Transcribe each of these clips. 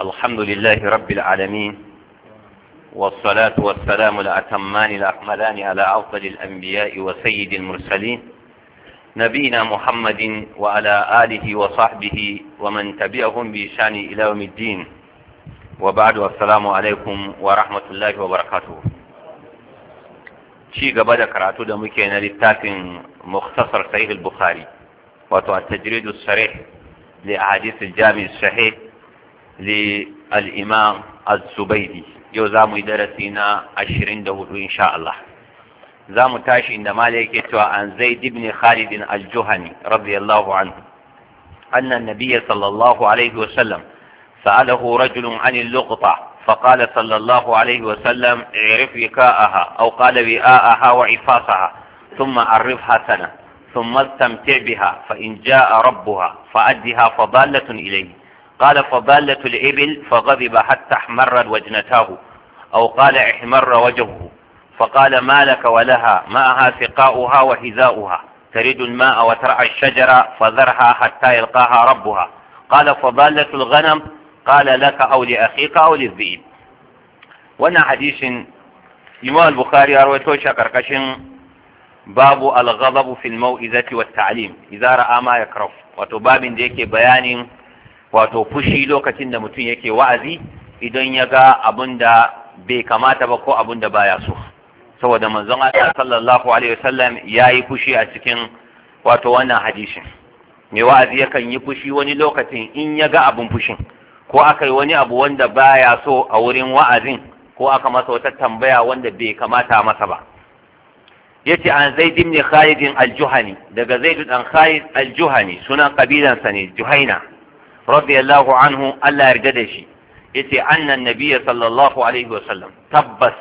الحمد لله رب العالمين والصلاة والسلام الأتمان الأكملان على أفضل الأنبياء وسيد المرسلين نبينا محمد وعلى آله وصحبه ومن تبعهم بشان إلى يوم الدين وبعد والسلام عليكم ورحمة الله وبركاته شيء قبل قرأت دمك للتاكن مختصر صحيح البخاري وتو التجريد الصريح لأحاديث الجامع الصحيح للإمام الزبيدي yau za mu yi إن شاء الله زام hudu insha Allah عن زيد بن خالد الجهني رضي الله عنه أن النبي صلى الله عليه وسلم سأله رجل عن اللقطة فقال صلى الله عليه وسلم اعرف وكاءها أو قال وئاءها وعفاصها ثم عرفها سنة ثم استمتع بها فإن جاء ربها فأدها فضالة إليه قال فضالة الإبل فغضب حتى احمرت وجنتاه أو قال احمر وجهه فقال ما لك ولها ماءها سقاؤها وحذاؤها تريد الماء وترعى الشجرة فذرها حتى يلقاها ربها قال فضالة الغنم قال لك أو لأخيك أو للذئب وانا حديث إمام البخاري أرويته كشن باب الغضب في الموئزة والتعليم إذا رأى ما يكره وتباب ديك بيان wato fushi lokacin da mutum yake wa'azi idan ya ga abun da bai kamata ba ko abun da baya so saboda manzon Allah sallallahu alaihi wasallam yayi fushi a cikin wato wannan hadisin mai wa'azi yakan yi fushi wani lokacin in ya ga abun fushin ko aka yi wani abu wanda baya so a wurin wa'azin ko aka masa wata tambaya wanda bai kamata masa ba yace an zaid ibn khalid al-juhani daga zaid dan khalid al-juhani sunan kabilansa ne juhaina radiyallahu anhu Allah yarda da shi yace annan nabiyya sallallahu alaihi wa sallam tabbas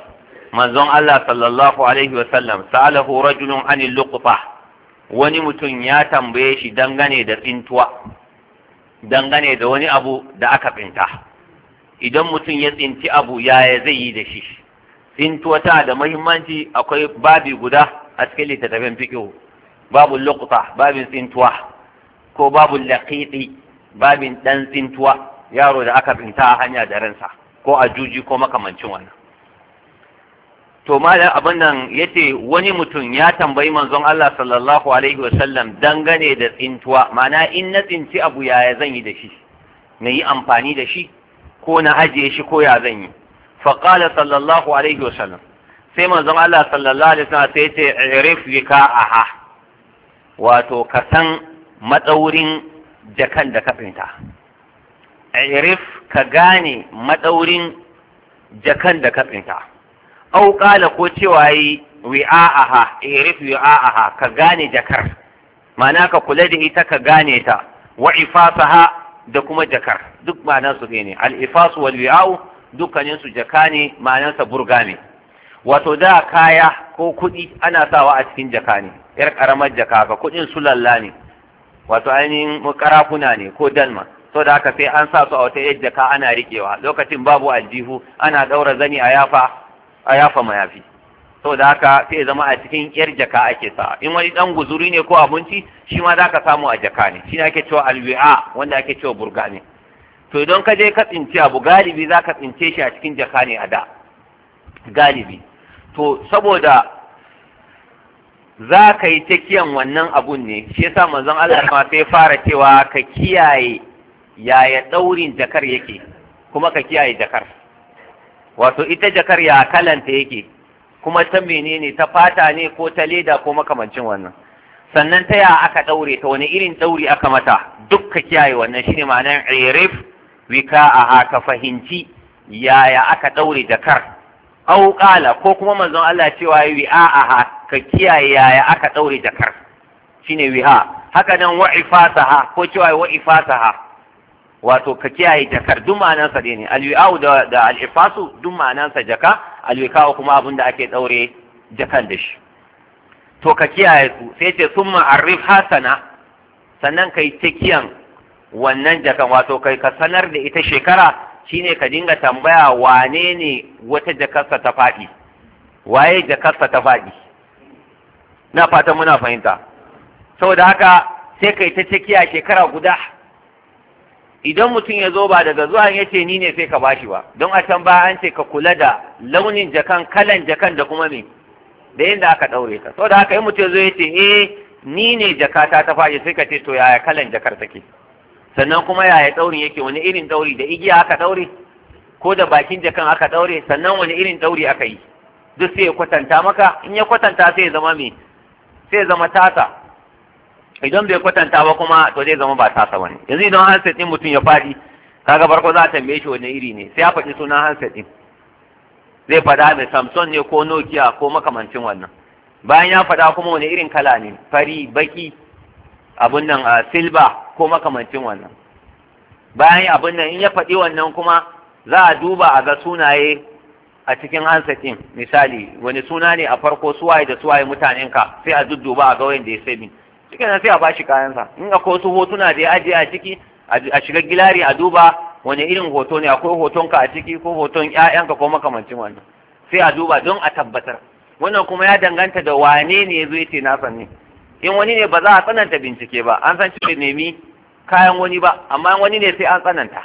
manzon Allah sallallahu alaihi wa sallam sa'alahu rajulun anil wani mutum ya tambaye shi dangane da tsintuwa dangane da wani abu da aka tsinta idan mutum ya tsinci abu yaya zai yi da shi tsintuwa ta da muhimmanci akwai babi guda a cikin littattafin fiqh babu luqta babin tsintuwa ko babu laƙiƙi babin ɗan tsintuwa yaro da aka tsinta a hanya da ransa ko a juji ko makamancin wannan to malam abin nan yace wani mutum ya tambayi manzon Allah sallallahu alaihi wasallam dangane da tsintuwa ma'ana in na tsinci abu yaya zan yi da shi na yi amfani da shi ko na ajiye shi ko ya zan yi faqala sallallahu alaihi wasallam sai manzon Allah sallallahu alaihi wasallam sai yace irif wika aha wato ka san matsaurin jakan da kafinta irif ka gane maɗaurin jakan da kafinta au ƙala ko cewa yi wi'a'aha irif wi'a'aha ka gane jakar ma'ana ka kula da ita ka gane ta wa ifasaha da kuma jakar duk ma'anar su ne al-ifasu wal wi'a'u dukkanin su jaka ne ma'anar sa burga ne wato da kaya ko kuɗi ana sawa a cikin jaka ne yar karamar jaka ka kuɗin sulalla ne wato ainihin karafuna ne ko dalma so da haka sai an sa su a wata yadda ka ana riƙewa lokacin babu aljihu ana ɗaura zani a yafa a yafa mayafi so da haka sai zama a cikin yar jaka ake sa in wani dan guzuri ne ko abinci shi ma za ka samu a jaka ne shi ake cewa alwi'a wanda ake cewa burgani to idan ka je ka tsinci abu galibi za ka tsince shi a cikin jaka ne a da galibi to saboda za ka yi ta kiyan wannan abun ne shi yasa manzon Allah kuma sai fara cewa ka kiyaye yaya daurin jakar yake kuma ka kiyaye jakar wato ita jakar ya kalanta yake kuma ta menene ta fata ne ko ta leda ko makamancin wannan sannan ta ya aka daure ta wani irin dauri aka mata duk ka kiyaye wannan shine ma'anar irif wika a ka fahimci yaya aka daure jakar au qala ko kuma manzon Allah cewa yi wi'a'aha ka kiyaye yaya aka daure jakar shine wi'a haka nan wa ha ko cewa wa ha wato ka kiyaye jakar duk ma'anansa sa ne alwi'a'u da da al-ifasu duk ma'anansa sa jaka alwi'a'u kuma abinda ake daure jakan da shi to ka kiyaye su sai ce summa arif hasana sannan kai ta kiyan wannan jakan wato kai ka sanar da ita shekara shine ka dinga tambaya wane ne wata jakarsa ta faɗi waye jakarsa ta faɗi na fatan muna fahimta saboda haka sai kai ta cakiya shekara guda idan mutum ya zo ba daga zuwa ya ce ni ne sai ka bashi ba don a can baya an ce ka kula da launin jakan kalan jakan da kuma me da yadda aka ɗaure ta saboda haka in mutum ya zo ya ce eh, ni ne jakata ta faɗi sai ka ce to yaya kalan jakar take sannan kuma yaya ɗaurin yake wani irin ɗauri da igiya aka ɗaure ko da bakin jakan aka ɗaure sannan wani irin ɗauri aka yi duk sai ya kwatanta maka in ya kwatanta sai ya zama me sai ya zama tasa idan bai kwatanta ba kuma to zai zama ba tasa bane yanzu idan handset ɗin mutum ya faɗi kaga farko za a tambaye shi wani iri ne sai ya faɗi sunan handset ɗin zai faɗa mai samson ne ko nokia ko makamancin wannan bayan ya faɗa kuma wani irin kala ne fari baki abun nan a ah, silba ko makamancin wannan bayan abun nan in ya faɗi wannan kuma za a duba a ga sunaye a cikin hansakin misali wani suna ne a farko suwaye da suwaye mutanenka sai a dudduba a ga da ya sai cikin nan sai a bashi kayansa in akwai su hotuna da ya ajiye a ciki a shiga gilari a duba wani irin hoto ne akwai hotonka a ciki ko hoton ƴaƴanka ko makamancin wannan sai a duba don a tabbatar wannan kuma ya danganta da wane ne ya zo ya ce na sanni in wani ne ba za a tsananta bincike ba an san cikin nemi kayan wani ba amma wani ne sai an tsananta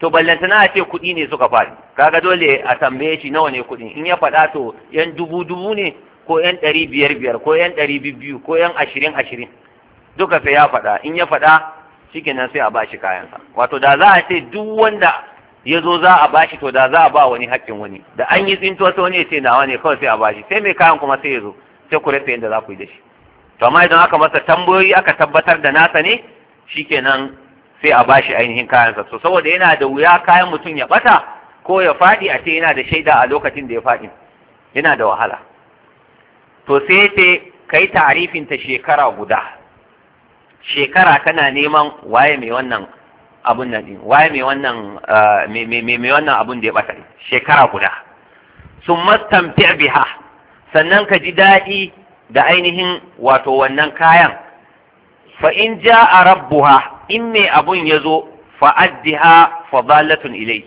to ballanta na ce kuɗi ne suka faɗi kaga dole a tambaye shi nawa ne kuɗi in ya faɗa to yan dubu dubu ne ko yan ɗari biyar biyar ko yan ɗari biyu ko yan ashirin ashirin duka sai ya faɗa in ya faɗa shikenan sai a ba shi kayansa wato da za a ce duk wanda ya zo za a bashi to da za a ba wani haƙƙin wani da an yi tsintuwa sai wani ya ce nawa ne kawai sai a bashi sai mai kayan kuma sai ya zo sai ku rasa yadda za ku yi da shi to amma idan aka masa tambayoyi aka tabbatar da nasa ne shi shikenan sai a bashi ainihin kayansa so saboda yana da wuya kayan mutum ya bata ko ya faɗi a ce yana da shaida a lokacin da ya faɗi yana da wahala to sai ce kai tarifin ta shekara guda shekara kana neman waye mai wannan abun nan din waye mai wannan mai wannan abun da ya bata shekara guda sun mastamti biha sannan ka ji daɗi da ainihin wato wannan kayan fa in ja'a rabbuha in me abun ya zo fa addiha fadalatun ilai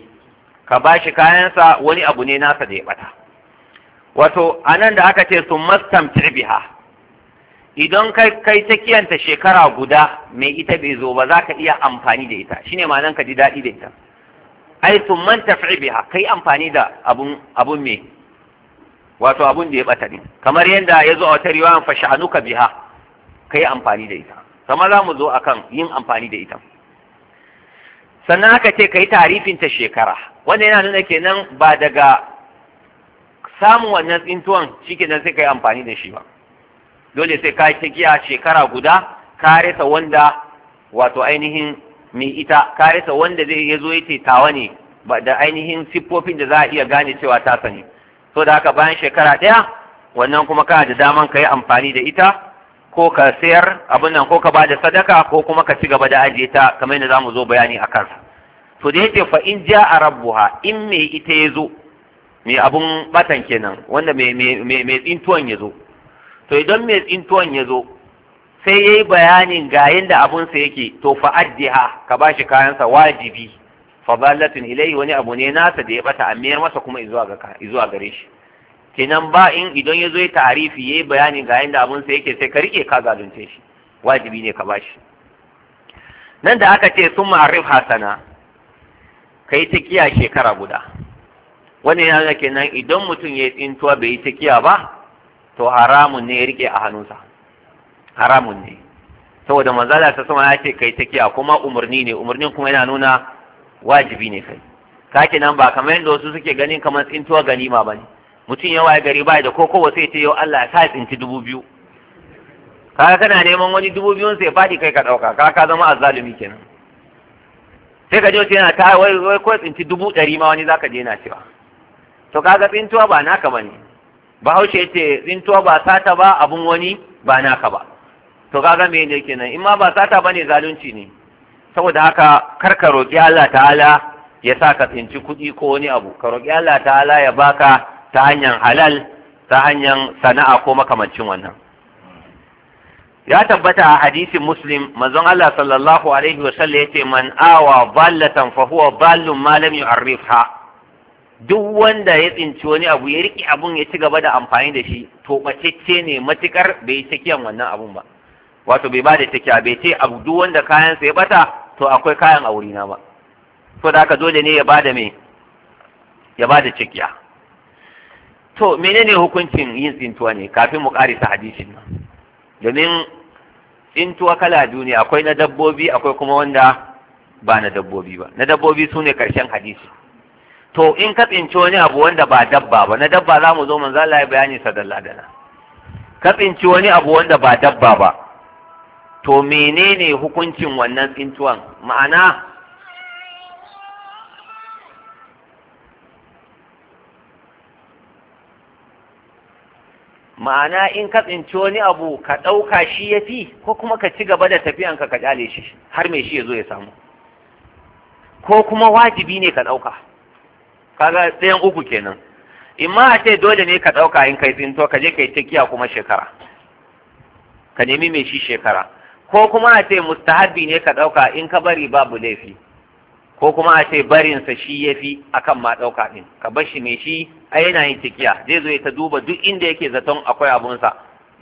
ka ba shi kayansa wani abu ne nasa da ya bata wato anan da aka ce sun mastamti biha idan kai kai ta kiyanta shekara guda mai ita bai zo ba za ka iya amfani da ita shine nan ka ji daɗi da ita ai sun manta tafi biha kai amfani da abun abun wato abun da ya bata ne kamar yadda ya zo a wata riwayan fa sha'anuka biha kai amfani da ita kamar za mu zo akan yin amfani da ita sannan aka ce kai tarifin ta shekara wanda yana nuna kenan ba daga samun wannan tsintuwan nan sai kai amfani da shi ba dole sai ka giya shekara guda ka rasa wanda wato ainihin mai ita ka rasa wanda zai yazo zo tawa ne da ainihin siffofin da za a iya gane cewa ta sani so da haka bayan shekara ɗaya wannan kuma kana da daman ka yi amfani da ita ko ka sayar abin nan ko ka ba da sadaka ko kuma ka ci gaba da ajiye ta kamar yadda zamu zo bayani a kansa to da yake fa in ja a in me ita ya zo me abun batan kenan wanda me tsintuwan ya zo to idan me tsintuwan ya zo sai ya yi bayanin ga yadda abunsa yake to fa ha ka ba shi kayansa wajibi fadalatun ilayhi wani abu ne nasa da ya bata a mayar masa kuma izuwa gare shi kenan ba in idan ya zo ya ta'arifi yayi bayani ga yanda abun sa yake sai ka rike ka zalunce shi wajibi ne ka bashi nan da aka ce sun ma'arif hasana yi ta kiya shekara guda Wani ya ga kenan idan mutum ya yi tsintuwa bai yi ta kiya ba to haramun ne ya rike a hannunsa haramun ne saboda manzala ta sama ya ce ka yi ta kiya kuma umarni ne umarnin kuma yana nuna wajibi ne kai kake nan ba kamar yadda wasu suke ganin kamar tsintuwa ganima ba ne mutum yawa ya gari bai da koko wasu ya ce yau Allah ya tsinci dubu biyu kaga kana neman wani dubu biyun sai faɗi kai ka ɗauka kaga ka zama azzalumi kenan sai ka je wata yana ta wai wai ko tsinci dubu ɗari ma wani zaka je yana cewa to kaga tsintuwa ba naka bane bahaushe yace tsintuwa ba sata ba abun wani ba naka ba to kaga me ne kenan in ma ba sata bane zalunci ne saboda haka kar ka roƙi Allah ta'ala ya sa ka tsinci kuɗi ko wani abu ka roƙi Allah ta'ala ya baka ta hanyar halal ta hanyar sana'a ko makamancin wannan ya tabbata a hadisin muslim manzon Allah sallallahu alaihi wa sallam yace man awa ballatan fa huwa ballun ma lam yu'arrifha duk wanda ya tsinci wani abu ya riki abun ya ci gaba da amfani da shi to bacecce ne matukar bai yi wannan abun ba wato bai bada tsakiya bai ce abu duk wanda kayan sa ya bata to akwai kayan a wurina ba to da zo dole ne ya bada me ya bada cikiya to menene hukuncin yin tsintuwa ne kafin mu karisa hadisin nan domin tsintuwa kala duniya akwai na dabbobi akwai kuma wanda ba na dabbobi ba na dabbobi su ne karshen hadisi to in ka tsinci wani abu wanda ba dabba ba na dabba za mu zo manzo Allah ya bayani sadalla dalla ka tsinci wani abu wanda ba dabba ba to menene hukuncin wannan tsintuwan ma'ana ma'ana in ka tsinci wani abu ka ɗauka shi ya fi ko kuma ka ci gaba da tafiyanka ka ƙyale shi har mai shi ya zo ya samu ko kuma wajibi ne ka ɗauka kaga tsayan uku kenan in ma a ce dole ne ka ɗauka in kai tsinto ka je ka yi takiya kuma shekara ka nemi mai shi shekara ko kuma a ce mustahabi ne ka ɗauka in ka bari babu laifi ko kuma a ce barinsa shi ya fi a kan ma ɗauka ɗin ka bar shi mai shi a yana yin tikiya zai zo ya ta duba duk inda yake zaton akwai abunsa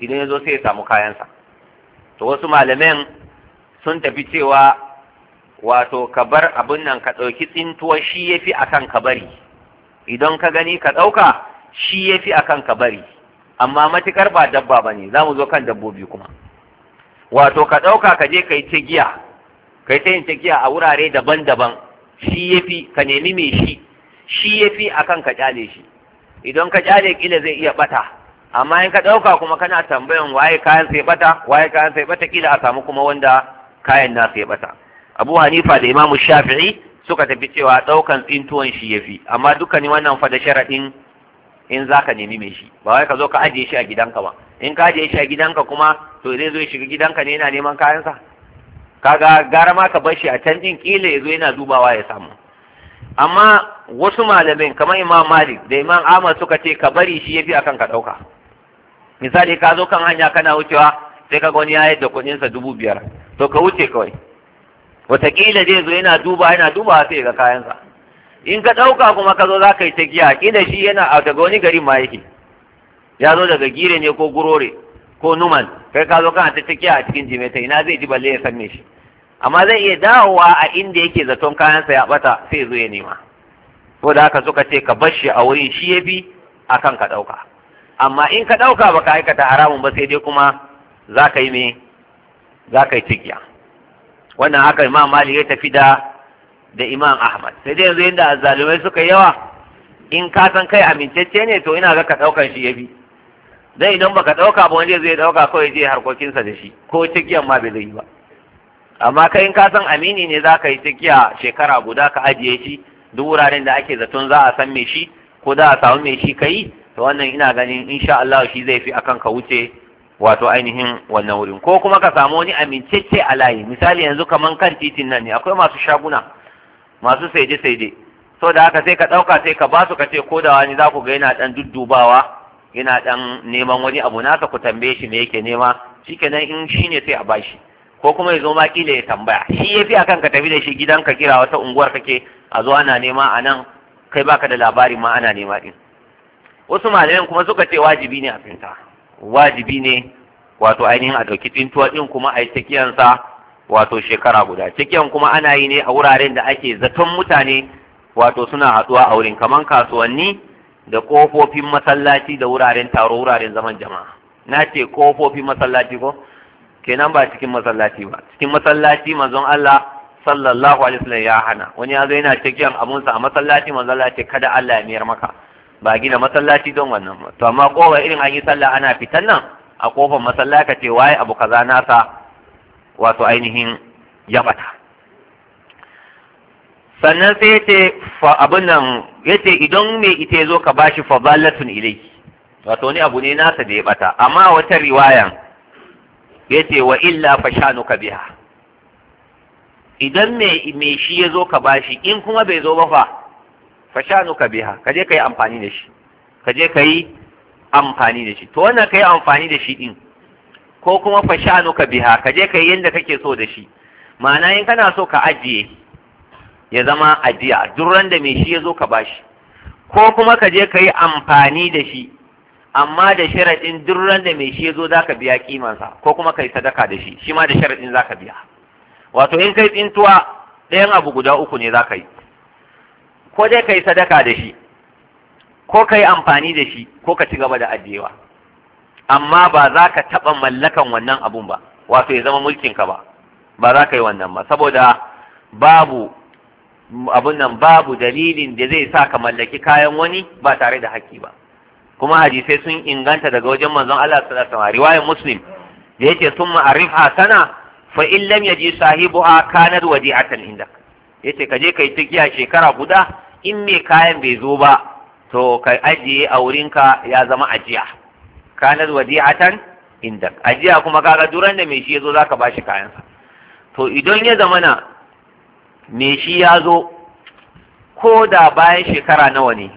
idan ya zo sai ya samu kayansa to wasu malaman sun tafi cewa wato ka bar abin nan ka ɗauki tsintuwa shi ya fi a kan ka bari idan ka gani ka ɗauka shi ya fi a kan ka bari amma matuƙar ba dabba ba ne za mu zo kan dabbobi kuma wato ka ɗauka ka je ka yi ta giya ka ta yin ta giya a wurare daban-daban shi ya fi ka nemi mai shi shi ya fi a kan ka ƙyale shi idan ka ƙyale ƙila zai iya ɓata amma in ka ɗauka kuma kana tambayan waye kayan sai ɓata waye kayan sai ɓata ƙila a samu kuma wanda kayan na sai ɓata abu hanifa da imamu shafi'i suka tafi cewa ɗaukan tsintuwan shi ya fi amma dukkanin wannan fa da sharaɗin in za ka nemi mai shi ba wai ka zo ka ajiye shi a gidanka ba in ka je shi a gidanka kuma to zai zo shiga gidanka ne yana neman kayansa kaga gara ma ka bar shi a can din kila ya zo yana dubawa ya samu amma wasu malamin kamar imam malik da imam ahmad suka ce ka bari shi ya fi akan ka ɗauka misali ka zo kan hanya kana wucewa sai ka wani ya yadda sa dubu biyar to ka wuce kawai wataƙila zai zo yana duba yana duba sai ga kayansa in ka ɗauka kuma ka zo za ka yi ta giya ƙila shi yana a daga wani gari ma yake ya zo daga gire ne ko gurore ko numan kai ka zo kana ta a cikin jimeta ina zai ji balle ya sanne shi amma zai iya dawowa a inda yake zaton kayansa ya bata sai zo ya nema ko da haka suka ce ka bar shi a wurin shi ya bi akan ka ɗauka amma in ka ɗauka baka aikata haramun ba sai dai kuma za ka yi me za ka yi cikiya wannan haka imam mali ya tafi da da imam ahmad sai dai yanzu yadda azzalumai suka yawa in ka san kai amintacce ne to ina ga ka ɗaukan shi ya bi zai idan baka ɗauka, ba wanda zai dauka kawai je harkokinsa da shi ko tikiyan ma bai zai ba amma kai in ka san amini ne za ka yi tikiya shekara guda ka ajiye shi duk wuraren da ake zaton za a san me shi ko za a samu me shi kai to wannan ina ganin insha Allah shi zai fi akan ka wuce wato ainihin wannan wurin ko kuma ka samu wani amincecce a layi misali yanzu kaman kan titin nan ne akwai masu shaguna masu saide saide so da haka sai ka ɗauka sai ka basu ka ce ko da wani za ku ga yana ɗan duddubawa yana dan neman wani abu naka ku tambaye shi me yake nema shikenan in shine sai a bashi ko kuma ya zo ma kila ya tambaya shi ya yafi akan ka tafi da shi ka kira wata unguwar kake a zo ana nema a nan kai baka da labari ma ana nema din wasu malayan kuma suka ce wajibi ne a finta wajibi ne wato ainihin a ɗauki tsintuwa ɗin kuma a yi tsakiyansa wato shekara guda cikiyan kuma ana yi ne a wuraren da ake zaton mutane wato suna haɗuwa a wurin kamar kasuwanni da kofofin masallaci da wuraren taro wuraren zaman jama'a na ce kofofin masallaci ko kenan ba cikin masallaci ba cikin masallaci manzon Allah sallallahu alaihi wasallam ya hana wani ya zo yana cikin abunsa a masallaci manzon Allah ce kada Allah ya miyar maka ba gina masallaci don wannan ba to amma kowa irin an yi sallah ana fitan nan a kofar masallaci ce waye abu kaza nasa wato ainihin yabata sannan sai ce abin nan yace idan me ita yazo ka bashi fadalatun ilai. wato ni abu ne nasa da ya bata amma wata riwayan yace wa illa fashanuka biha idan me me shi yazo ka bashi in kuma bai zo ba fa fashanuka biha kaje kai amfani da shi kaje kai amfani da shi to wannan kai amfani da shi din ko kuma fashanuka biha kaje kai yanda kake so da shi ma'ana in kana so ka ajiye ya zama ajiya duk da mai shi ya zo ka bashi ko kuma ka je ka yi amfani da shi amma da sharaɗin duk da mai shi ya zo za ka biya kimansa ko kuma ka yi sadaka da shi shi ma da sharaɗin za ka biya wato in kai tsintuwa ɗayan abu guda uku ne za ka yi ko dai ka yi sadaka da shi ko ka yi amfani da shi ko ka ci gaba da ajiyewa amma ba za ka taɓa mallakan wannan abun ba wato ya zama mulkinka ba ba za ka yi wannan ba saboda babu abun nan babu dalilin da zai sa ka mallaki kayan wani ba tare da haƙƙi ba kuma hadisai sun inganta daga wajen manzon Allah sallallahu alaihi wasallam riwayar muslim da yake sun arifha sana fa in lam yaji sahibuha kanat wadi'atan indak yace ka je kai tikiya shekara guda in me kayan bai zo ba to ka ajiye a wurinka ya zama ajiya kanat wadi'atan indak ajiya kuma kaga duran da mai shi yazo zaka bashi kayansa to idan ya zamana me shi ya zo ko da bayan shekara nawa ne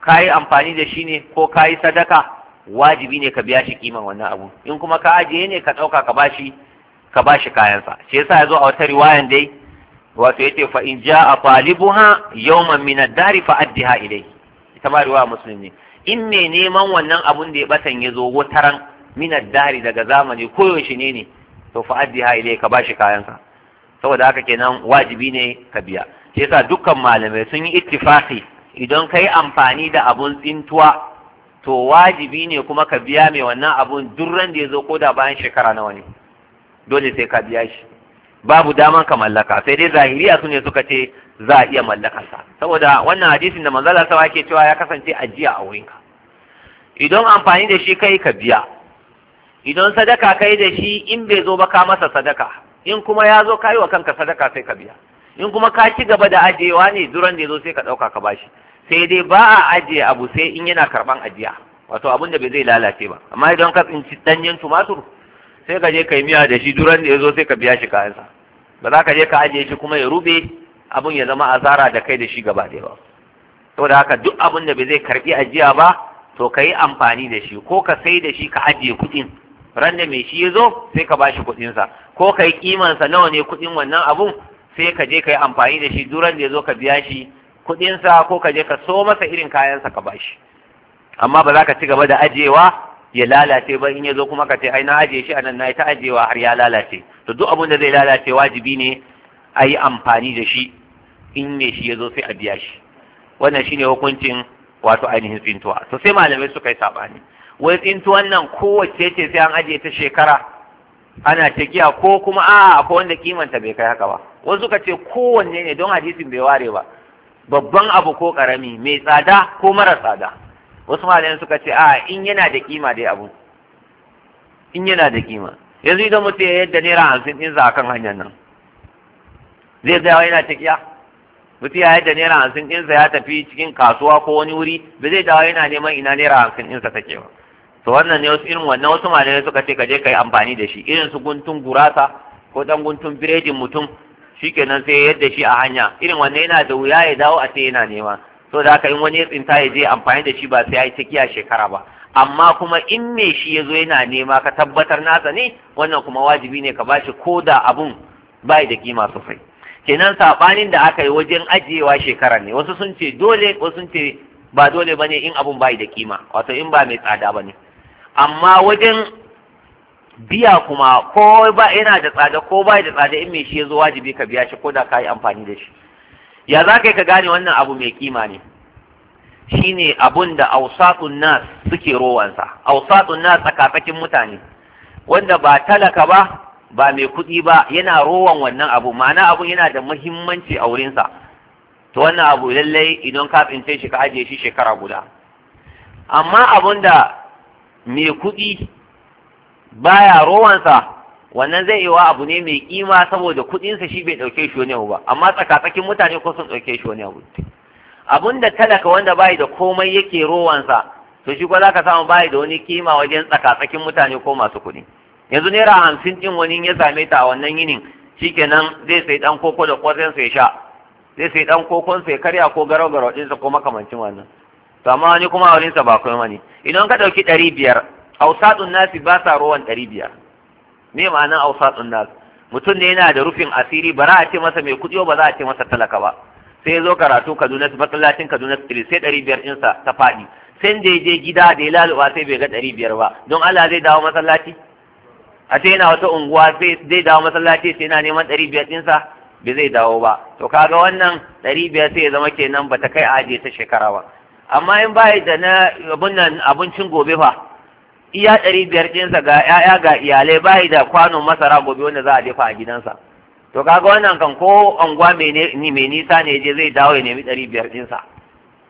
ka yi amfani da shi ne ko ka yi sadaka wajibi ne ka biya shi kiman wannan abu in kuma ka ajiye ne ka ɗauka ka bashi ka bashi kayansa shi yasa ya zo a wata riwayan dai wato yace fa in jaa talibuha yawman min ad-dar fa addiha ilay ita ma riwaya muslim ne in ne neman wannan abun da ya batan ya zo wataran min ad daga zamani ko yaushe ne ne to fa addiha ilay ka bashi kayansa saboda haka kenan wajibi ne ka biya shi yasa dukkan malamai sun yi ittifaqi idan kai amfani da abun tsintuwa to wajibi ne kuma ka biya mai wannan abun duk ran da ya zo koda bayan shekara nawa ne dole sai ka biya shi babu daman ka mallaka sai dai zahiriya su ne suka ce za a iya mallakarsa saboda wannan hadisin da manzala sawa ke cewa ya kasance ajiya a wurinka idan amfani da shi kai ka biya idan sadaka kai da shi in bai zo ba ka masa sadaka in kuma ya zo kayi wa kanka sadaka sai ka biya in kuma ka ci gaba da ajiyewa ne duran da ya zo sai ka ɗauka ka bashi sai dai ba a ajiye abu sai in yana karɓan ajiya wato abin da bai zai lalace ba amma idan ka tsinci ɗanyen tumatur sai ka je ka miya da shi duran da ya zo sai ka biya shi kayansa ba za ka je ka ajiye shi kuma ya rube abin ya zama azara da kai da shi gaba ɗaya ba saboda haka duk abin da bai zai karɓi ajiya ba to ka yi amfani da shi ko ka sai da shi ka ajiye kuɗin ran mai shi ya zo sai ka bashi kuɗinsa ko ka yi kimansa nawa ne kuɗin wannan abun sai ka je ka yi amfani da shi duran da ya zo ka biya shi kuɗinsa ko ka je ka so masa irin kayansa ka bashi amma ba za ka ci gaba da ajiyewa ya lalace ba in ya zo kuma ka ce ai na aje shi a nan na ta ajewa har ya lalace to duk abun da zai lalace wajibi ne a yi amfani da shi in ne shi ya zo sai a biya shi wannan shine hukuncin wato ainihin tsintuwa to sai malamai suka yi saɓani wai tsintu wannan kowace ce sai an ajiye ta shekara ana ta giya, ko kuma a akwai wanda kimanta bai kai haka ba wasu ka ce kowanne ne don hadisin bai ware ba babban abu ko karami mai tsada ko mara tsada wasu malayan suka ce a in yana da kima dai abu in yana da kima yanzu idan mutum ya yadda naira hamsin ɗinsa akan hanyar nan zai tsayawa yana ta giya? mutum ya yadda naira hamsin ɗinsa ya tafi cikin kasuwa ko wani wuri ba zai dawo yana neman ina naira hamsin ɗinsa take ba to wannan ne wasu irin wannan wasu malamai suka ce ka je ka kai amfani da shi irin su guntun gurasa ko dan guntun biredin mutum shikenan sai yadda shi a hanya irin wannan yana da wuya ya dawo a ce yana nema so da haka in wani ya tsinta ya je amfani da shi ba sai ya yi takiya shekara ba amma kuma in me shi ya zo yana nema ka tabbatar nasa ne wannan kuma wajibi ne ka bashi ko da abun bai da kima sosai kenan sabanin da aka yi wajen ajiyewa shekara ne wasu sun ce dole wasu sun ce ba dole bane in abun bai da kima wato in ba mai tsada bane ne amma wajen biya kuma ko ba yana da tsada ko ba da tsada in mai shi ya zo wajibi ka biya shi ko da ka yi amfani da shi ya za ka ka gane wannan abu mai kima ne Shi ne abun da ausatun nas suke rowansa ausatun nas tsakatsakin mutane wanda ba talaka ba ba mai kuɗi ba yana rowan wannan abu ma'ana abun yana da muhimmanci a wurinsa to wannan abu lallai idan ka tsince shi ka ajiye shi shekara guda amma abun da mai kuɗi baya rowansa wannan zai iya abu ne mai kima saboda kuɗinsa shi bai ɗauke shi wani abu ba amma tsakatsakin mutane ko sun ɗauke shi wani abu abun da talaka wanda bai da komai yake rowansa to shi ko za ka samu bai da wani kima wajen tsakatsakin mutane ko masu kuɗi yanzu naira hamsin ɗin wani ya same ta a wannan yinin shikenan zai sai ɗan koko da ya sha zai sai dan kokon sai karya ko garau garau ɗinsa ko makamancin wannan to amma wani kuma a sa ba kai wani idan ka ɗauki dauki biyar ausatun nasi ba sa rowan biyar me ma'anar ausatun nasi mutum ne yana da rufin asiri ba za a ce masa mai kuɗi ba za a ce masa talaka ba sai ya zo karatu Kaduna masallacin Kaduna Street sai biyar ɗinsa ta faɗi sai da je gida da ya laluba sai bai ga ɗari biyar ba don Allah zai dawo masallaci a ce yana wata unguwa sai zai dawo masallaci sai yana neman ɗari biyar ɗinsa bai zai dawo ba to kaga wannan ɗari biyar sai ya zama kenan ba ta kai aje ta shekara ba amma in ba da na abun nan abincin gobe fa iya ɗari biyar ɗinsa ga ‘ya'ya ga iyalai ba da kwanon masara gobe wanda za a dafa a gidansa to kaga wannan kan ko anguwa mai nisa ne je zai dawo ya nemi ɗari biyar ɗinsa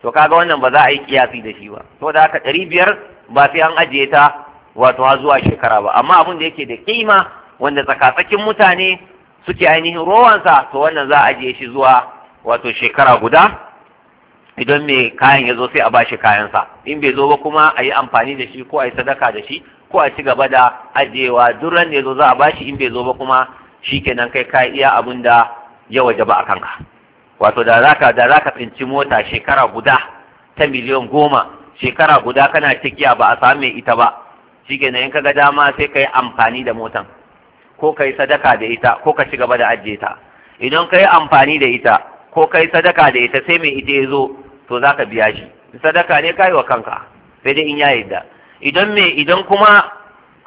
to kaga wannan ba za a yi kiyasi da shi ba to da haka ɗari biyar ba sai an ajiye ta wato har zuwa shekara ba amma abin da yake da kima wanda tsakatsakin mutane suke ainihin rowansa to wannan za a ajiye shi zuwa wato shekara guda idan mai kayan ya zo sai a ba shi kayansa in bai zo ba kuma a yi amfani da shi ko a yi sadaka da shi ko a ci gaba da ajiyewa duk ran da ya zo za a ba shi in bai zo ba kuma shi kenan kai ka iya abin da ya waje ba a kanka wato da zaka da zaka tsinci mota shekara guda ta miliyan goma shekara guda kana cikiya ba a same ita ba shi kenan in kaga dama sai ka yi amfani da motan ko ka yi sadaka da ita ko ka ci gaba da ajiye ta idan ka yi amfani da ita ko kai sadaka da ita sai mai ita ya zo to za ka biya shi sadaka ne kai wa kanka sai dai in ya yadda idan me idan kuma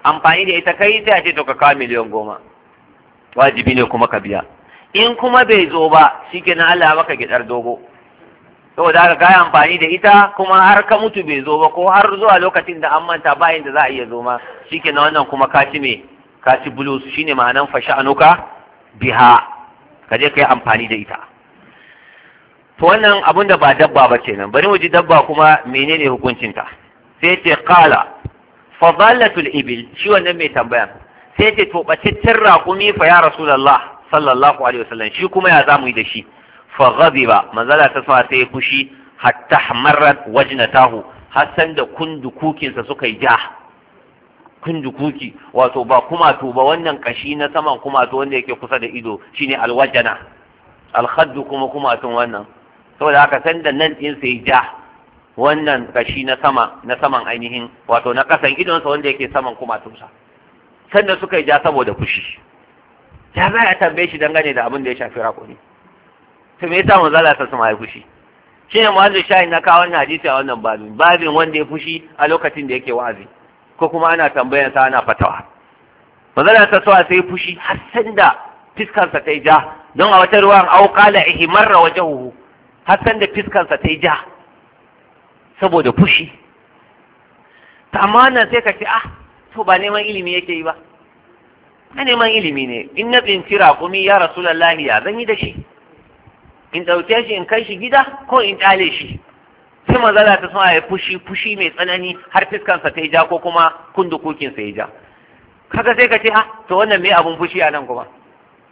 amfani da ita kai sai a ce to ka kawo miliyan goma wajibi ne kuma ka biya in kuma bai zo ba shi ke na Allah maka gidar dogo saboda haka kai amfani da ita kuma har ka mutu bai zo ba ko har zuwa lokacin da an manta bayan da za a iya zo ma na wannan kuma ka ci me ka ci bulus shine ma'anan fasha'anuka biha ka je ka yi amfani da ita to wannan abun da ba dabba ba kenan bari mu ji dabba kuma menene hukuncinta sai ce qala fadallatul ibil shi wannan mai tambaya sai ce to baciccin raqumi fa ya rasulullah sallallahu alaihi wasallam shi kuma ya zamu yi da shi fa ghadiba manzala ta sa sai fushi hatta hamarat wajnatahu hasan da kundukukinsa suka yi ja kundukuki wato ba to ba wannan kashi na saman to wanda yake kusa da ido shine alwajana alkhaddu kuma kumatun wannan saboda san da nan din sai ja wannan kashi na sama na saman ainihin wato na ƙasan sa wanda yake saman kuma tusa sannan suka ja saboda fushi ya za ya tambaye shi dangane da abin da ya shafi rakuni to me yasa manzala ta sama ya fushi shi ne muhammadu shayin na kawo wannan hadisi a wannan babin babin wanda ya fushi a lokacin da yake wa'azi ko kuma ana tambayar sa ana fatawa manzala ta sama sai fushi har sanda fiskarsa ta ja don a wata ruwan auƙala ihimarra wajahuhu har san da fiskansa ta yi ja saboda fushi ta amma wannan sai ka ce ah to ba neman ilimi yake yi ba na neman ilimi ne in na tsinci raƙumi ya rasu lallahi ya zan yi da shi in ɗauke shi in kai shi gida ko in ƙyale shi sai mazala ta suna ya fushi fushi mai tsanani har fiskansa ta yi ja ko kuma kundukukinsa ya ja kaga sai ka ce ah to wannan me abin fushi a nan kuma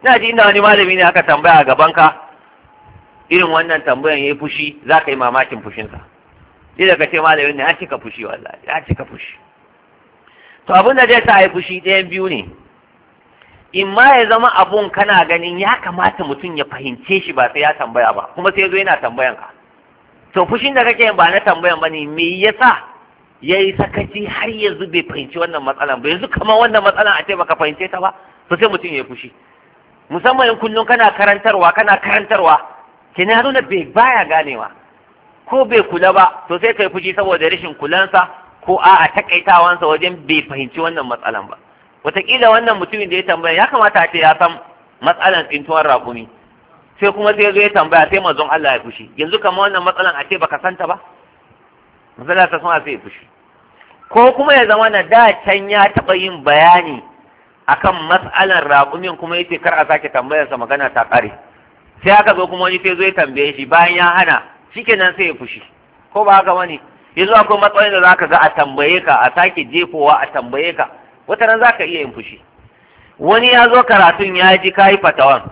na ji ina wani malami ne aka tambaya a gaban ka irin wannan tambayan yi fushi za ka yi mamakin fushinsa Ni daga ce malamin ne ya cika fushi wallahi ya cika fushi to abin da zai sa yi fushi ɗayan biyu ne in ma ya zama abun kana ganin ya kamata mutum ya fahimce shi ba sai ya tambaya ba kuma sai zo yana tambayan ka to fushin da kake ba na tambayan ba ne me yasa ya yi sakaci har yanzu bai fahimci wannan matsalan ba yanzu kamar wannan matsalan a ce baka fahimce ta ba to sai mutum ya yi fushi musamman in kullum kana karantarwa kana karantarwa kina ya nuna bai baya ganewa ko bai kula ba to sai kai fushi saboda rashin kulansa ko a a takaitawansa wajen bai fahimci wannan matsalan ba wataƙila wannan mutumin da ya tambaya ya kamata a ce ya san matsalan tsintuwar raƙumi sai kuma sai zai ya tambaya sai mazon Allah ya fushi yanzu kamar wannan matsalan a ce baka santa ba matsala ta sama sai ya fushi ko kuma ya zama na da can ya taɓa yin bayani akan matsalan raƙumin kuma ya ce kar a sake tambayarsa magana ta ƙare sai aka zo kuma wani sai zo ya tambaye shi bayan ya hana shikenan sai ya fushi ko ba haka wani yanzu akwai matsayin da zaka ga a tambaye ka a sake jefowa a tambaye ka wata ran zaka iya yin fushi wani ya zo karatun ya ji kai fatawan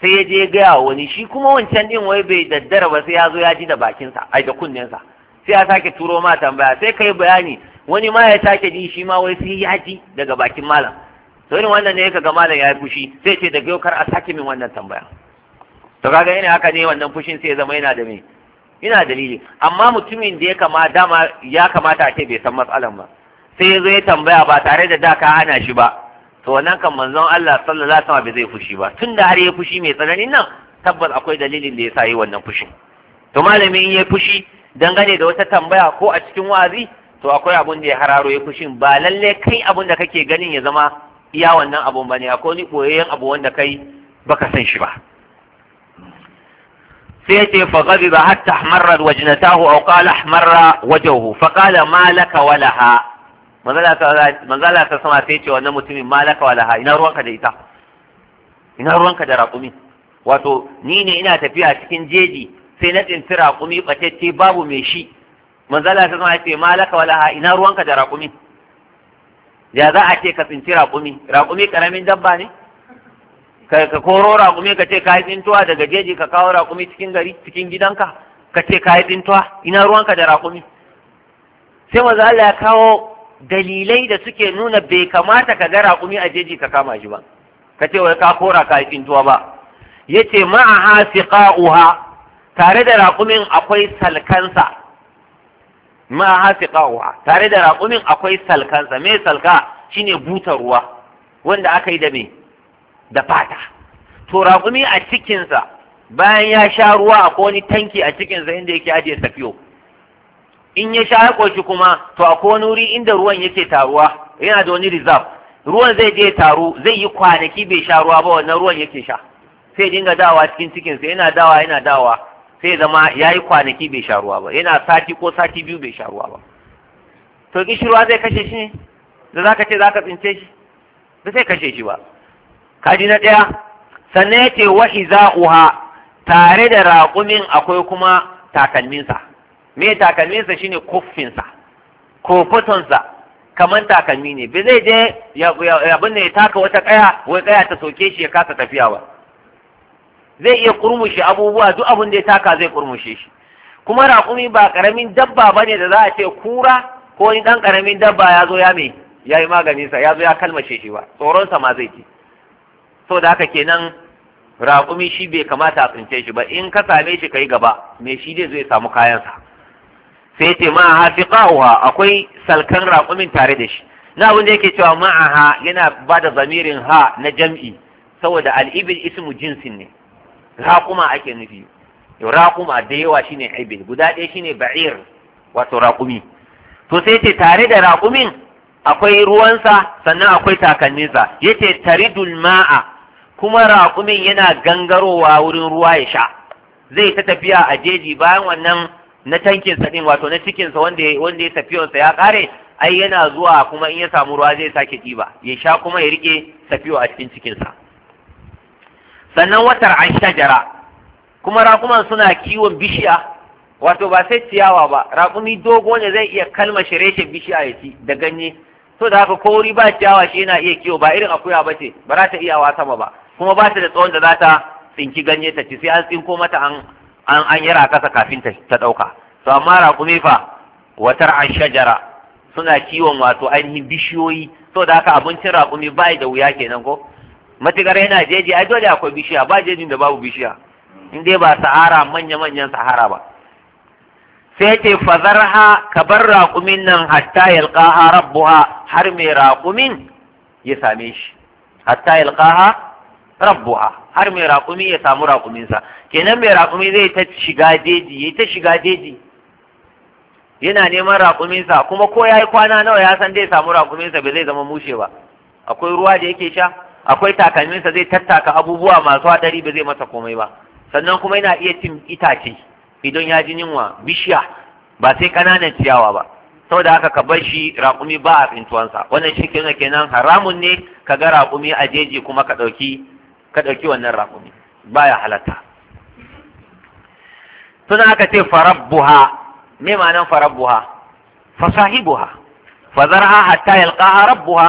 sai ya je ya gaya wani shi kuma wancan din wai bai daddara ba sai ya zo ya ji da bakinsa ai da kunnensa sai ya sake turo ma tambaya sai kai bayani wani ma ya sake ji shi ma wai sai ya ji daga bakin malam to irin wannan ne ga malam ya yi fushi sai ce daga yau kar a sake min wannan tambaya to kaga yana haka ne wannan fushin sai ya zama yana da me yana dalili amma mutumin da ya kama dama ya kamata a ce bai san matsalan ba sai ya zo ya tambaya ba tare da da ka hana shi ba to wannan kan manzon Allah sallallahu alaihi wasallam bai zai fushi ba da har ya fushi mai tsananin nan tabbas akwai dalilin da ya sa yi wannan fushin to malami in ya fushi dangane da wata tambaya ko a cikin wazi, to akwai abun da ya hararo ya fushin ba lalle kai abun da kake ganin ya zama iya wannan abun bane akwai ni boyayyen abu wanda kai baka san shi ba sai ce fa gabi ba hatta hamarra na tahu qala hamarra wajahu fa qala ma malaka walaha manzala ta sama sai ce wannan mutumin malaka walaha ina ruwanka da ita ina ruwanka da raƙumi wato ni ne ina tafiya cikin jeji sai na tsinci raƙumi ɓatacce babu mai shi manzala ta sama ce malaka walaha ina ruwanka da raƙumi ya za a ce ka tsinci raƙumi raƙumi ƙaramin dabba ne kai ka koro raƙumi ka ce ka yi tsintuwa daga jeji ka kawo raƙumi cikin gari cikin gidanka ka ce ka yi tsintuwa ina ruwanka da raƙumi sai maza Allah ya kawo dalilai da suke nuna bai kamata ka ga raƙumi a jeji ka kama shi ba ka ce wai ka kora ka yi tsintuwa ba ya ce ma'aha siqa'uha tare da raƙumin akwai salkansa ma'aha siqa'uha tare da raƙumin akwai salkansa me salka shine butar ruwa wanda aka yi da me da fata to raƙumi a cikinsa bayan ya sha ruwa ko wani tanki a cikinsa inda yake ajiye safiyo in ya sha haƙoshi kuma to a wani wuri inda ruwan yake taruwa yana da wani reserve ruwan zai je taru zai yi kwanaki bai sha ruwa ba wannan ruwan yake sha sai dinga dawa cikin cikinsa yana dawa yana dawa sai zama ya yi kwanaki bai sha ruwa ba yana sati ko sati biyu bai sha ruwa ba to ruwa zai kashe shi ne da za ka ce za ka tsince shi ba zai kashe shi ba kaji na ɗaya sannan yace wahi za'uha tare da raƙumin akwai kuma takalminsa me takalminsa shine kuffinsa kofatonsa kamar takalmi ne bai zai je abin da ya taka wata kaya wai kaya ta soke shi ya kasa tafiya ba zai iya kurmushe abubuwa duk abin da ya taka zai kurmushe shi kuma raƙumi ba ƙaramin dabba ba ne da za a ce kura ko wani ɗan ƙaramin dabba ya zo ya me ya yi maganinsa ya zo ya kalmashe shi ba tsoronsa ma zai ji so da haka kenan raƙumi shi bai kamata a tsince shi ba in ka same shi kai gaba me shi dai zai samu kayansa sai ce fi fiqa'uha akwai salkan raƙumin tare da shi na abin da yake cewa ma'aha yana ba da zamirin ha na jam'i saboda al'ibil ismu jinsin ne raƙuma ake nufi raƙuma da yawa ne ibil guda ɗaya shi ne ba'ir wato raƙumi to sai ce tare da raƙumin akwai ruwansa sannan akwai takalminsa yace taridul ma'a kuma raƙumin yana gangarowa wurin ruwa ya sha zai ta tafiya a jeji bayan wannan na tankinsa din wato na cikinsa wanda ya tafiyarsa ya kare, ai yana zuwa kuma in ya samu ruwa zai sake ɗiba ya sha kuma ya rike safiyo a cikin cikinsa sannan watar an shajara kuma raƙuman suna kiwon bishiya wato ba sai ciyawa ba raƙumi dogo ne zai iya kalma shireshin bishiya ya ci da ganye to da haka ko wuri ba ciyawa shi yana iya kiwo ba irin akuya ba ce ba za ta iya wa sama ba kuma ba ta da tsawon da za ta tsinki ganye ta ci sai an tsinko mata an an yara kasa kafin ta ta dauka to amma raƙumi fa watar an shajara suna kiwon wato ainihin bishiyoyi to da haka abincin raƙumi ba da wuya kenan ko matukar yana jeji ai dole akwai bishiya ba jejin da babu bishiya in dai ba sahara manya manyan sahara ba sai ce fazarha ka bar raƙumin nan hatta yalqaha rabbuha har mai raƙumin ya same shi hatta yalqaha rabbuha har mai raƙumi ya samu raƙuminsa kenan mai raƙumi zai ta shiga deji ya ta shiga deji yana neman raƙuminsa kuma ko ya yi kwana nawa ya san zai samu raƙuminsa ba zai zama mushe ba akwai ruwa da yake sha akwai takalminsa zai tattaka abubuwa masu haɗari ba zai masa komai ba sannan kuma yana iya cin itace idan ya ji yunwa bishiya ba sai ƙananan ciyawa ba saboda haka ka bar shi raƙumi ba a tsintuwansa wannan shi kenan haramun ne ka ga raƙumi a jeji kuma ka ɗauki ka ɗauki wannan raƙumi baya halatta tuna aka ce farabbuha me ma'anan farabbuha fasahibuha fazarha hatta yalqaha rabbuha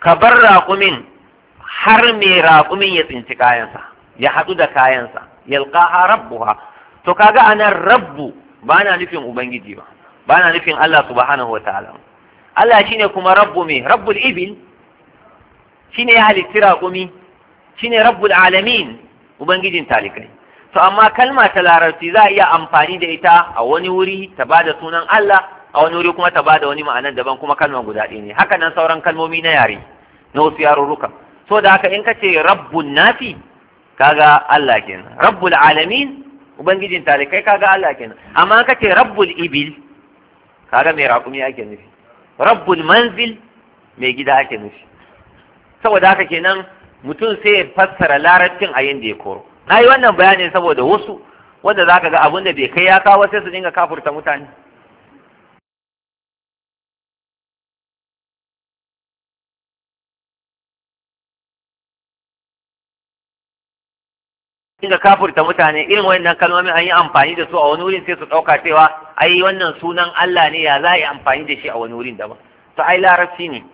ka bar raƙumin har me raƙumin ya tsinci kayansa ya haɗu da kayansa yalqaha rabbuha to kaga anan rabbu ba na nufin ubangiji ba ba na nufin Allah subhanahu wataala Allah shine kuma rabbu me rabbul ibil shine ya halitti raƙumi ne rabbul alamin ubangijin talikai to amma kalma ta larabci za a iya amfani da ita a wani wuri ta ba da sunan Allah a wani wuri kuma ta ba da wani ma'anar daban kuma kalma guda ɗaya ne haka nan sauran kalmomi na yare na wasu yarurruka so da haka in ka ce rabbul nafi kaga Allah kenan rabbul alamin ubangijin talikai kaga Allah kenan amma ka ce rabbul ibil kaga mai raƙumi ake nufi rabbul manzil mai gida ake nufi saboda haka kenan mutum sai ya fassara larabcin a da ya koro na yi wannan bayanin saboda wasu wanda za ka ga abin da bai kai ya kawo sai su dinga kafurta mutane dinga kafurta mutane irin wannan kalmomi an yi amfani da su a wani wurin sai su ɗauka cewa ai wannan sunan Allah ne ya za a yi amfani da shi a wani wurin daban to ai larabci ne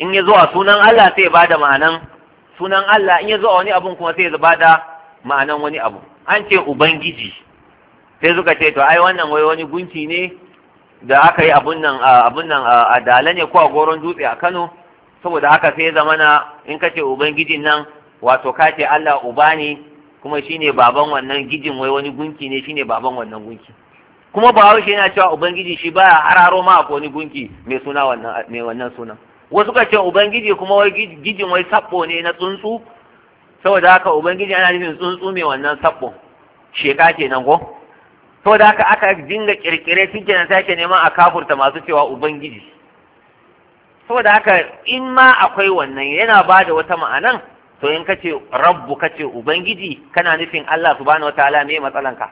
in ya zo a sunan Allah sai ya ba da ma'anan sunan Allah in ya zo a wani abun kuma sai ya zuba da ma'anan wani abu an ce ubangiji sai suka ce to ai wannan wai wani gunki ne da aka yi abun nan abun nan a dala ne ko a goron dutse a Kano saboda haka sai zama na in kace ubangijin nan wato ka ce Allah uba ne kuma shine baban wannan gijin wai wani gunki ne shine baban wannan gunki kuma ba yana cewa ubangiji shi baya hararo ma ko wani gunki mai suna wannan mai wannan sunan wasu ka ce ubangiji kuma wai gijin wai sabbo ne na tsuntsu saboda haka ubangiji ana nufin tsuntsu mai wannan sabbo sheka kenan ko saboda haka aka dinga kirkire tun kenan sake neman a kafurta masu cewa ubangiji saboda haka in ma akwai wannan yana ba da wata ma'anan to in kace rabbu kace ubangiji kana nufin Allah subhanahu wataala me matsalanka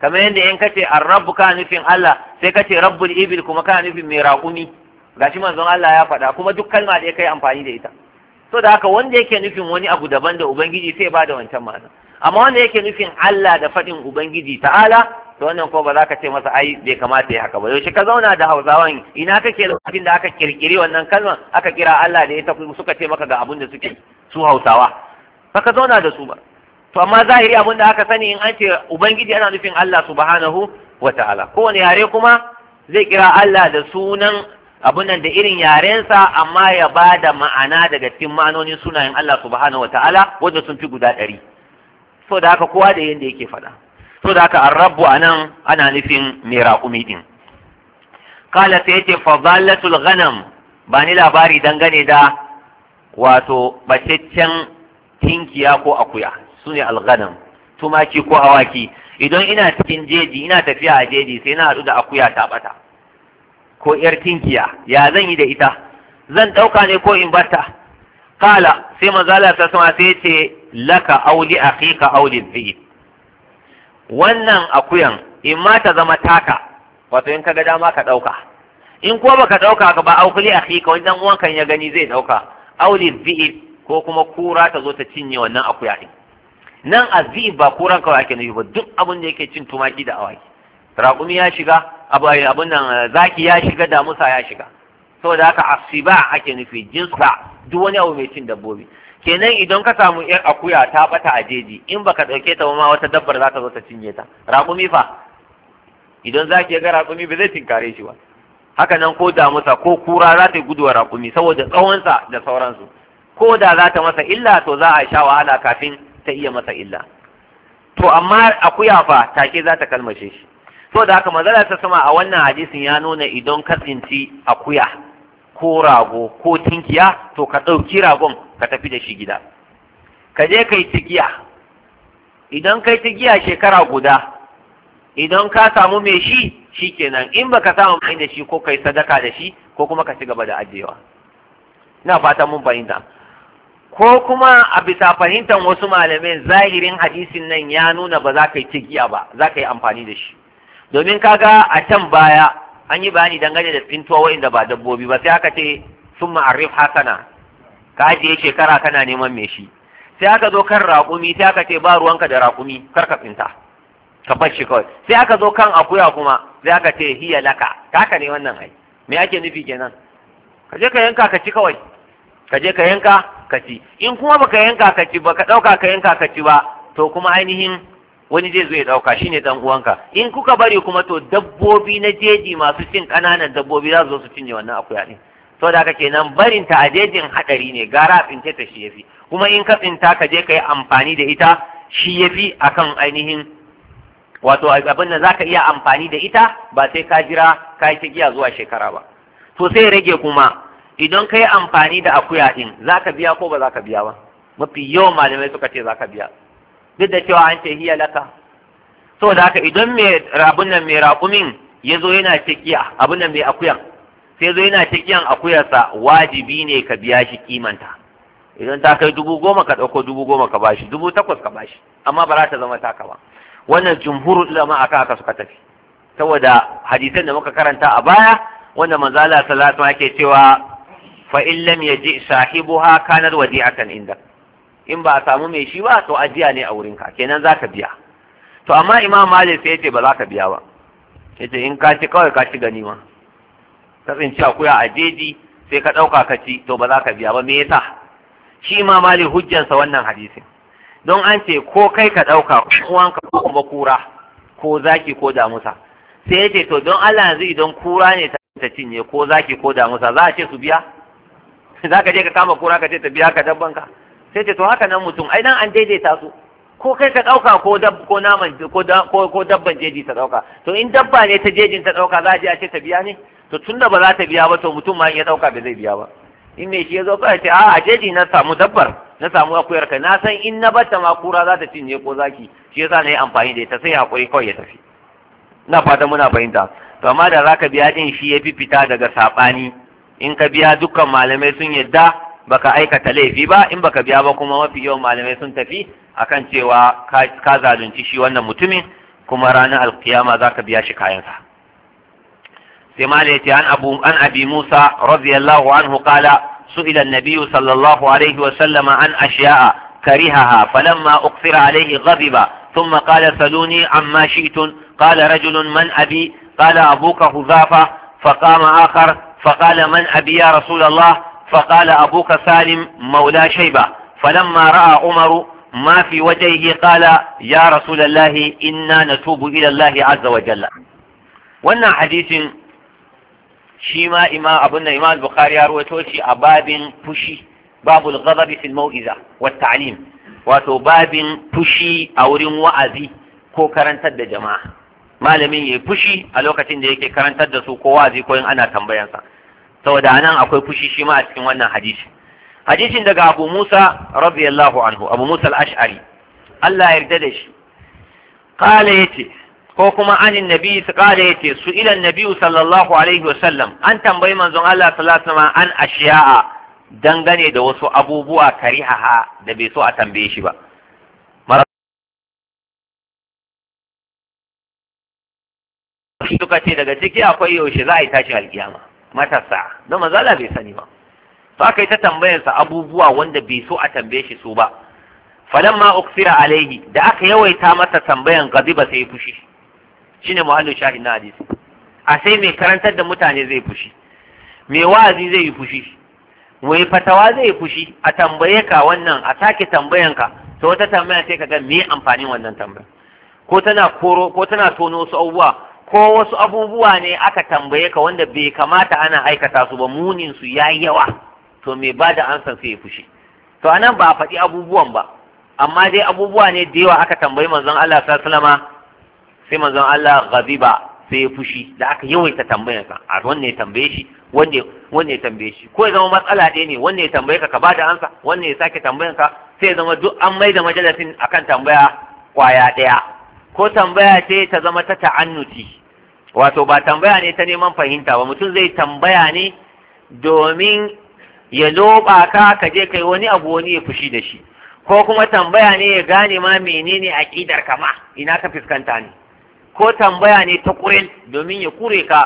kamar yadda in kace ar-rabbu kana nufin Allah sai kace rabbul ibil kuma kana nufin mai raƙumi gashi manzon Allah ya faɗa kuma duk kalma da ya kai amfani da ita so da haka wanda yake nufin wani abu daban da ubangiji sai ba da wancan ma'ana amma wanda yake nufin Allah da faɗin ubangiji ta'ala to wannan ko ba za ka ce masa ai bai kamata ya haka ba yaushe ka zauna da hausawan ina kake lokacin da aka kirkiri wannan kalmar aka kira Allah da ita tafi suka ce maka ga abin da suke su hausawa ba ka zauna da su ba to amma zahiri abin da aka sani in an ce ubangiji ana nufin Allah subhanahu wa ta'ala kowane yare kuma zai kira Allah da sunan abun nan da irin yarensa amma ya ba da ma'ana daga cikin ma'anonin sunayen Allah subhanahu wa ta'ala wanda sun fi guda ɗari so da haka kowa da yadda yake faɗa so da haka arrabu a nan ana nufin mai raƙumi ɗin kala sai yace fadalatul ghanam ba ni labari dangane da wato bacaccen tinkiya ko akuya su ne alghanam tumaki ko Hawaki, idan ina cikin jeji ina tafiya a jeji sai na haɗu da akuya ta ɓata ko ‘yar tinkiya ya zan yi da ita zan ɗauka ne ko in barta kala sai manzala ta sama sai ce laka auli a akika auli zai wannan akuyan in ma ta zama taka wato in kaga dama ka ɗauka in ko baka ɗauka ka ba aukuli akika wani dan uwankan ya gani zai ɗauka auli zai ko kuma kura ta zo ta cinye wannan akuya ɗin. nan azzi ba kuran kawai ake nufi ba duk abin da yake cin tumaki da awaki raƙumi ya shiga abin nan eh, zaki ya shiga damusa ya shiga saboda haka asiba ake nufi jinsa duk wani abu mai cin dabbobi kenan idan ka samu yar akuya ta bata a jeji in baka dauke ta ma wata dabbar za ta zo ta cinye ta raƙumi fa idan zaki ya ga raƙumi ba zai tinkare shi ba haka nan ko damusa ko kura za ta yi guduwa raƙumi saboda tsawonsa da sauransu ko da za ta masa illa to za a sha wahala kafin ta iya masa illa to amma akuya fa take za ta kalmashe shi so da haka manzala ta sama a wannan hadisin ya nuna idan ka tsinci akuya ko rago ko tinkiya to ka ɗauki ragon ka tafi da shi gida ka je kai tigiya idan kai tigiya shekara guda idan ka samu mai shi shikenan in baka samu mai da shi ko kai sadaka da shi ko kuma ka ci gaba da ajiyewa ina fata mun fahimta ko kuma a bisa fahimtar wasu malamai zahirin hadisin nan ya nuna ba za ka yi tigiya ba za ka yi amfani da shi domin kaga a can baya an yi bayani dangane da fintuwa wa'inda ba dabbobi ba sai aka ce sun ma'arif hasana ka ajiye shekara kana neman mai shi sai aka zo kan raƙumi sai aka ce ba ruwanka da raƙumi kar ka tsinta ka bar shi kawai sai aka zo kan akuya kuma sai aka ce hiya laka kaka ne wannan ai me ake nufi kenan ka je ka yanka ka ci kawai ka je ka yanka ka ci in kuma baka yanka ka ci ba ka ɗauka ka yanka ka ci ba to kuma ainihin wani zai zo ya dauka shine dan uwanka in kuka bari kuma to dabbobi na jeji masu cin kananan dabbobi za su zo su cinye wannan akuya ne. to da haka kenan barin ta a jejin hadari ne gara tsinte ta shi yafi kuma in ka tsinta ka je ka yi amfani da ita shi yafi akan ainihin wato abin da zaka iya amfani da ita ba sai ka jira ka yi tagiya zuwa shekara ba to sai rage kuma idan ka yi amfani da akuya din zaka biya ko ba zaka biya ba mafi yawan malamai suka ce zaka biya duk da cewa an ce hiya laka so da haka idan mai rabun nan mai raƙumin ya zo yana cikiya abun nan mai akuyan sai zo yana tikiyan akuyarsa wajibi ne ka biya shi kimanta idan ta kai dubu goma ka ɗauko dubu goma ka bashi dubu takwas ka bashi amma ba za ta zama taka ba wannan jumhur ulama aka aka suka tafi saboda hadisan da muka karanta a baya wanda manzo Allah sallallahu alaihi wasallam yake cewa fa in lam yaji sahibuha a wadi'atan indak in ba a samu mai shi ba to ajiya ne a wurinka kenan za ka biya to amma imam malik sai yace ba za ka biya ba yace in ka ci kawai ka ci gani ma. ka tsinci akuya a jeji sai ka ɗauka ka ci to ba za ka biya ba me yasa shi imam malik hujjansa wannan hadisin don an ce ko kai ka ɗauka uwanka ko kuma kura ko zaki ko damusa sai ya ce to don Allah yanzu idan kura ne ta cinye ko zaki ko damusa za a ce su biya za ka je ka kama kura ka ce ta biya ka dabbanka sai ce to haka nan mutum ai nan an daidaita su ko kai ka ɗauka ko dab ko naman ko ko dabban jeji ta ɗauka to in dabba ne ta jejin ta ɗauka za a je a ce ta biya ne to tunda ba za ta biya ba to mutum ma in ya ɗauka ba zai biya ba in me shi ya zo kawai ce a a jeji na samu dabbar na samu akuyar ka na san in na bata ma kura za ta cinye ko zaki shi yasa na yi amfani da ita sai hakuri kawai ya tafi na fata muna fahimta to amma da zaka biya din shi ya fi fita daga saɓani in ka biya dukkan malamai sun yadda baka aikata laifi ba in baka biya ba kuma mafi yawan malamai sun tafi akan cewa ka zalunci shi wannan mutumin kuma ranar alkiyama za ka biya shi kayansa sai ma ce an abu an abi musa radiyallahu anhu kala su ila nabiyyu sallallahu alaihi wa sallama an ashiya'a karihaha falamma uqsira alaihi ghadiba thumma qala saluni amma shi'tun qala rajulun man abi qala abuka hudhafa فقام آخر فقال man أبي يا رسول فقال أبوك سالم مولى شيبة فلما رأى عمر ما في وجهه قال يا رسول الله إنا نتوب إلى الله عز وجل wannan hadisin shi ma abin da imam bukhari ya rawaito shi a babin fushi babul ghadabi fil mau'iza wa ta'lim wato babin fushi a wurin wa'azi ko karantar da jama'a malamin yayi fushi a lokacin da yake karantar da su ko wa'azi ko in ana tambayansa saboda anan akwai fushi shi ma a cikin wannan hadisi hadisin daga Abu Musa radiyallahu anhu Abu Musa al-Ash'ari Allah ya yarda da shi qala yace ko kuma anin nabi qala yace su ila nabi sallallahu alaihi wasallam an tambayi manzon Allah sallallahu alaihi wasallam an ashiya'a dangane da wasu abubuwa karihaha da bai so a tambaye shi ba suka ce daga ciki akwai yaushe za a yi tashi alkiyama matasa don mazala bai sani ba aka yi ta tambayarsa abubuwa wanda bai so a tambaye shi su ba ma uksira alaihi da aka yawaita masa tambayan gaziba sai fushi shine muhallin shahin na hadisi a sai mai karantar da mutane zai fushi mai wa'azi zai yi fushi mai fatawa zai yi fushi a tambaye ka wannan a sake tambayan ka to wata tambaya sai ka ga me amfanin wannan tambaya ko tana koro ko tana tono su abubuwa ko wasu abubuwa ne aka tambaye ka wanda bai kamata ana aikata su ba munin su yi yawa to me ba da ansan sai ya fushi to anan ba a faɗi abubuwan ba amma dai abubuwa ne da yawa aka tambayi manzon Allah sallallahu sai manzon Allah ghadiba sai ya fushi da aka yawaita sa a wanne ya tambaye shi wanne ya tambaye shi ko ya zama matsala ɗaya ne wanne ya tambaye ka ka ba da ansa wanne ya sake tambayar ka sai ya zama duk an mai da majalisin akan tambaya kwaya ɗaya ko tambaya ce ta zama ta ta'annuti wato ba tambaya ne ta neman fahimta ba mutum zai tambaya ne domin ya loba ka ka je kai wani abu wani ya fushi da shi ko kuma tambaya ne ya gane ma menene aqidar ka ma ina ka fuskanta ne ko tambaya ne ta kurel domin ya kure ka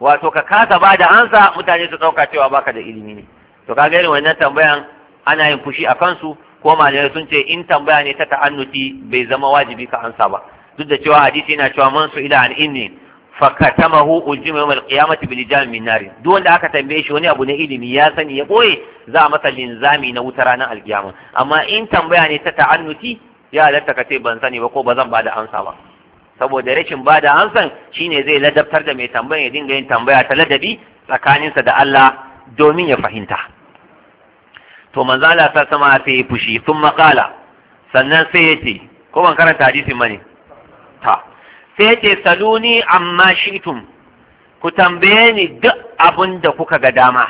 wato ka kasa ba da ansa mutane su dauka cewa baka da ilimi ne to kaga irin wannan tambayan ana yin fushi a kansu ko malamai sun ce in tambaya ne ta ta'annuti bai zama wajibi ka ansa ba duk da cewa hadisi na cewa man su ila an inni fakatamahu uljima yawmal qiyamati bil min nar duk wanda aka tambaye shi wani abu na ilimi ya sani ya boye za a masa linzami na wuta ranar alkiyama amma in tambaya ne ta ta'annuti ya halatta ka ce ban sani ba ko ba zan bada amsa ba saboda rashin bada amsan shine zai ladabtar da mai tambayan ya dinga yin tambaya ta ladabi tsakaninsa da Allah domin ya fahimta to manzo Allah ta sama sai fushi sun makala sannan sai ya ce ko ban karanta hadisin bane sai ce saluni amma shi'tum ku tambaye ni duk abin da kuka ga dama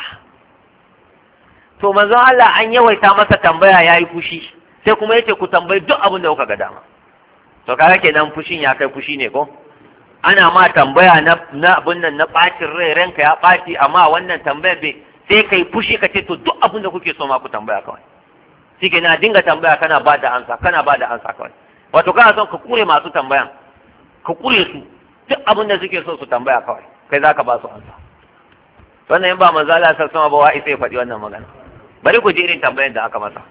to manzon Allah an yawaita masa tambaya yayi fushi sai kuma yace ku tambayi duk abin da kuka ga dama to kaga kenan fushin ya kai fushi ne ko ana ma tambaya na na abin nan na bacin rai ranka ya baci amma wannan tambayar bai sai kai fushi ka ce to duk abin da kuke so ma ku tambaya kawai shi na dinga tambaya kana ba da ansa kana ba da ansa kawai wato kana son ka kure masu tambayan ka kure su duk abin da suke so su tambaya kawai kai za ka ba su ansa wannan in ba manzo Allah ba wai sai faɗi wannan magana bari ku ji irin tambayar da aka masa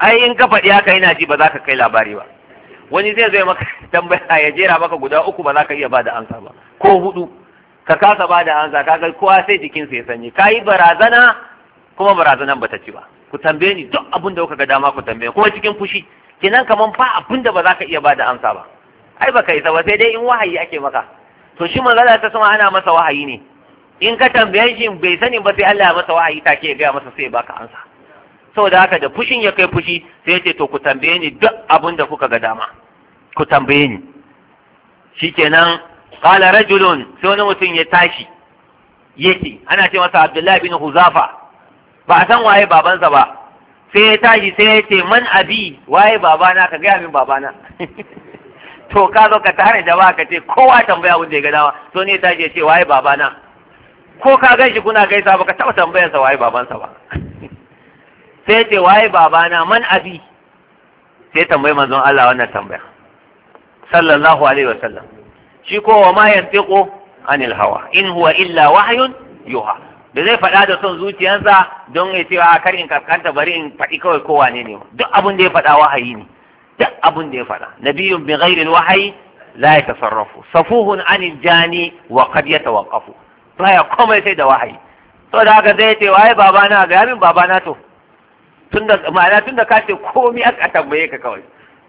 ai in ka faɗi haka ina ji ba za ka kai labari ba wani zai zai maka tambaya ya jera maka guda uku ba za ka iya ba da ansa ba ko hudu ka kasa ba da ansa ka ga kowa sai jikinsa ya sanyi ka yi barazana kuma barazanan ta ci ba ku tambaye ni duk abin da kuka ga dama ku tambaye kuma cikin fushi kenan kaman ba abin da ba za ka iya ba da amsa ba ai baka isa ba sai dai in wahayi ake maka to shi manzala ta sama ana masa wahayi ne in ka tambaye shi bai sani ba sai Allah ya masa wahayi take gaya masa sai baka ansa saboda haka da fushin ya kai fushi sai ya ce to ku tambaye ni duk abin da kuka ga dama ku tambaye ni shikenan qala rajulun sai wani mutum ya tashi yake ana ce masa Abdullahi bin Huzafa ba a san waye babansa ba sai ya tashi sai ya ce man abi waye babana ka gaya min babana to ka zo ka tare ba ka ce kowa tambaya wanda ya ga dama to ne ta ce waye babana ko ka gan shi kuna gaisa baka taɓa sa waye babansa ba sai ce waye babana man abi sai tambayi manzon Allah wannan tambaya sallallahu alaihi wasallam shi ko wa ma yantiqu anil hawa in huwa illa wahyun yuha da zai faɗa da son zuciyarsa don ya ce a kar in kaskanta bari in faɗi kawai kowa ne ne duk abin da ya faɗa wahayi ne duk abin da ya faɗa nabiyun bi ghairi wahayi la ya tasarrafu safuhun anil jani wa qad yatawaqqafu ya komai sai da wahayi to da haka zai ce waye baba na ga min baba na to tunda ma'ana tunda ka ce komai aka tambaye ka kawai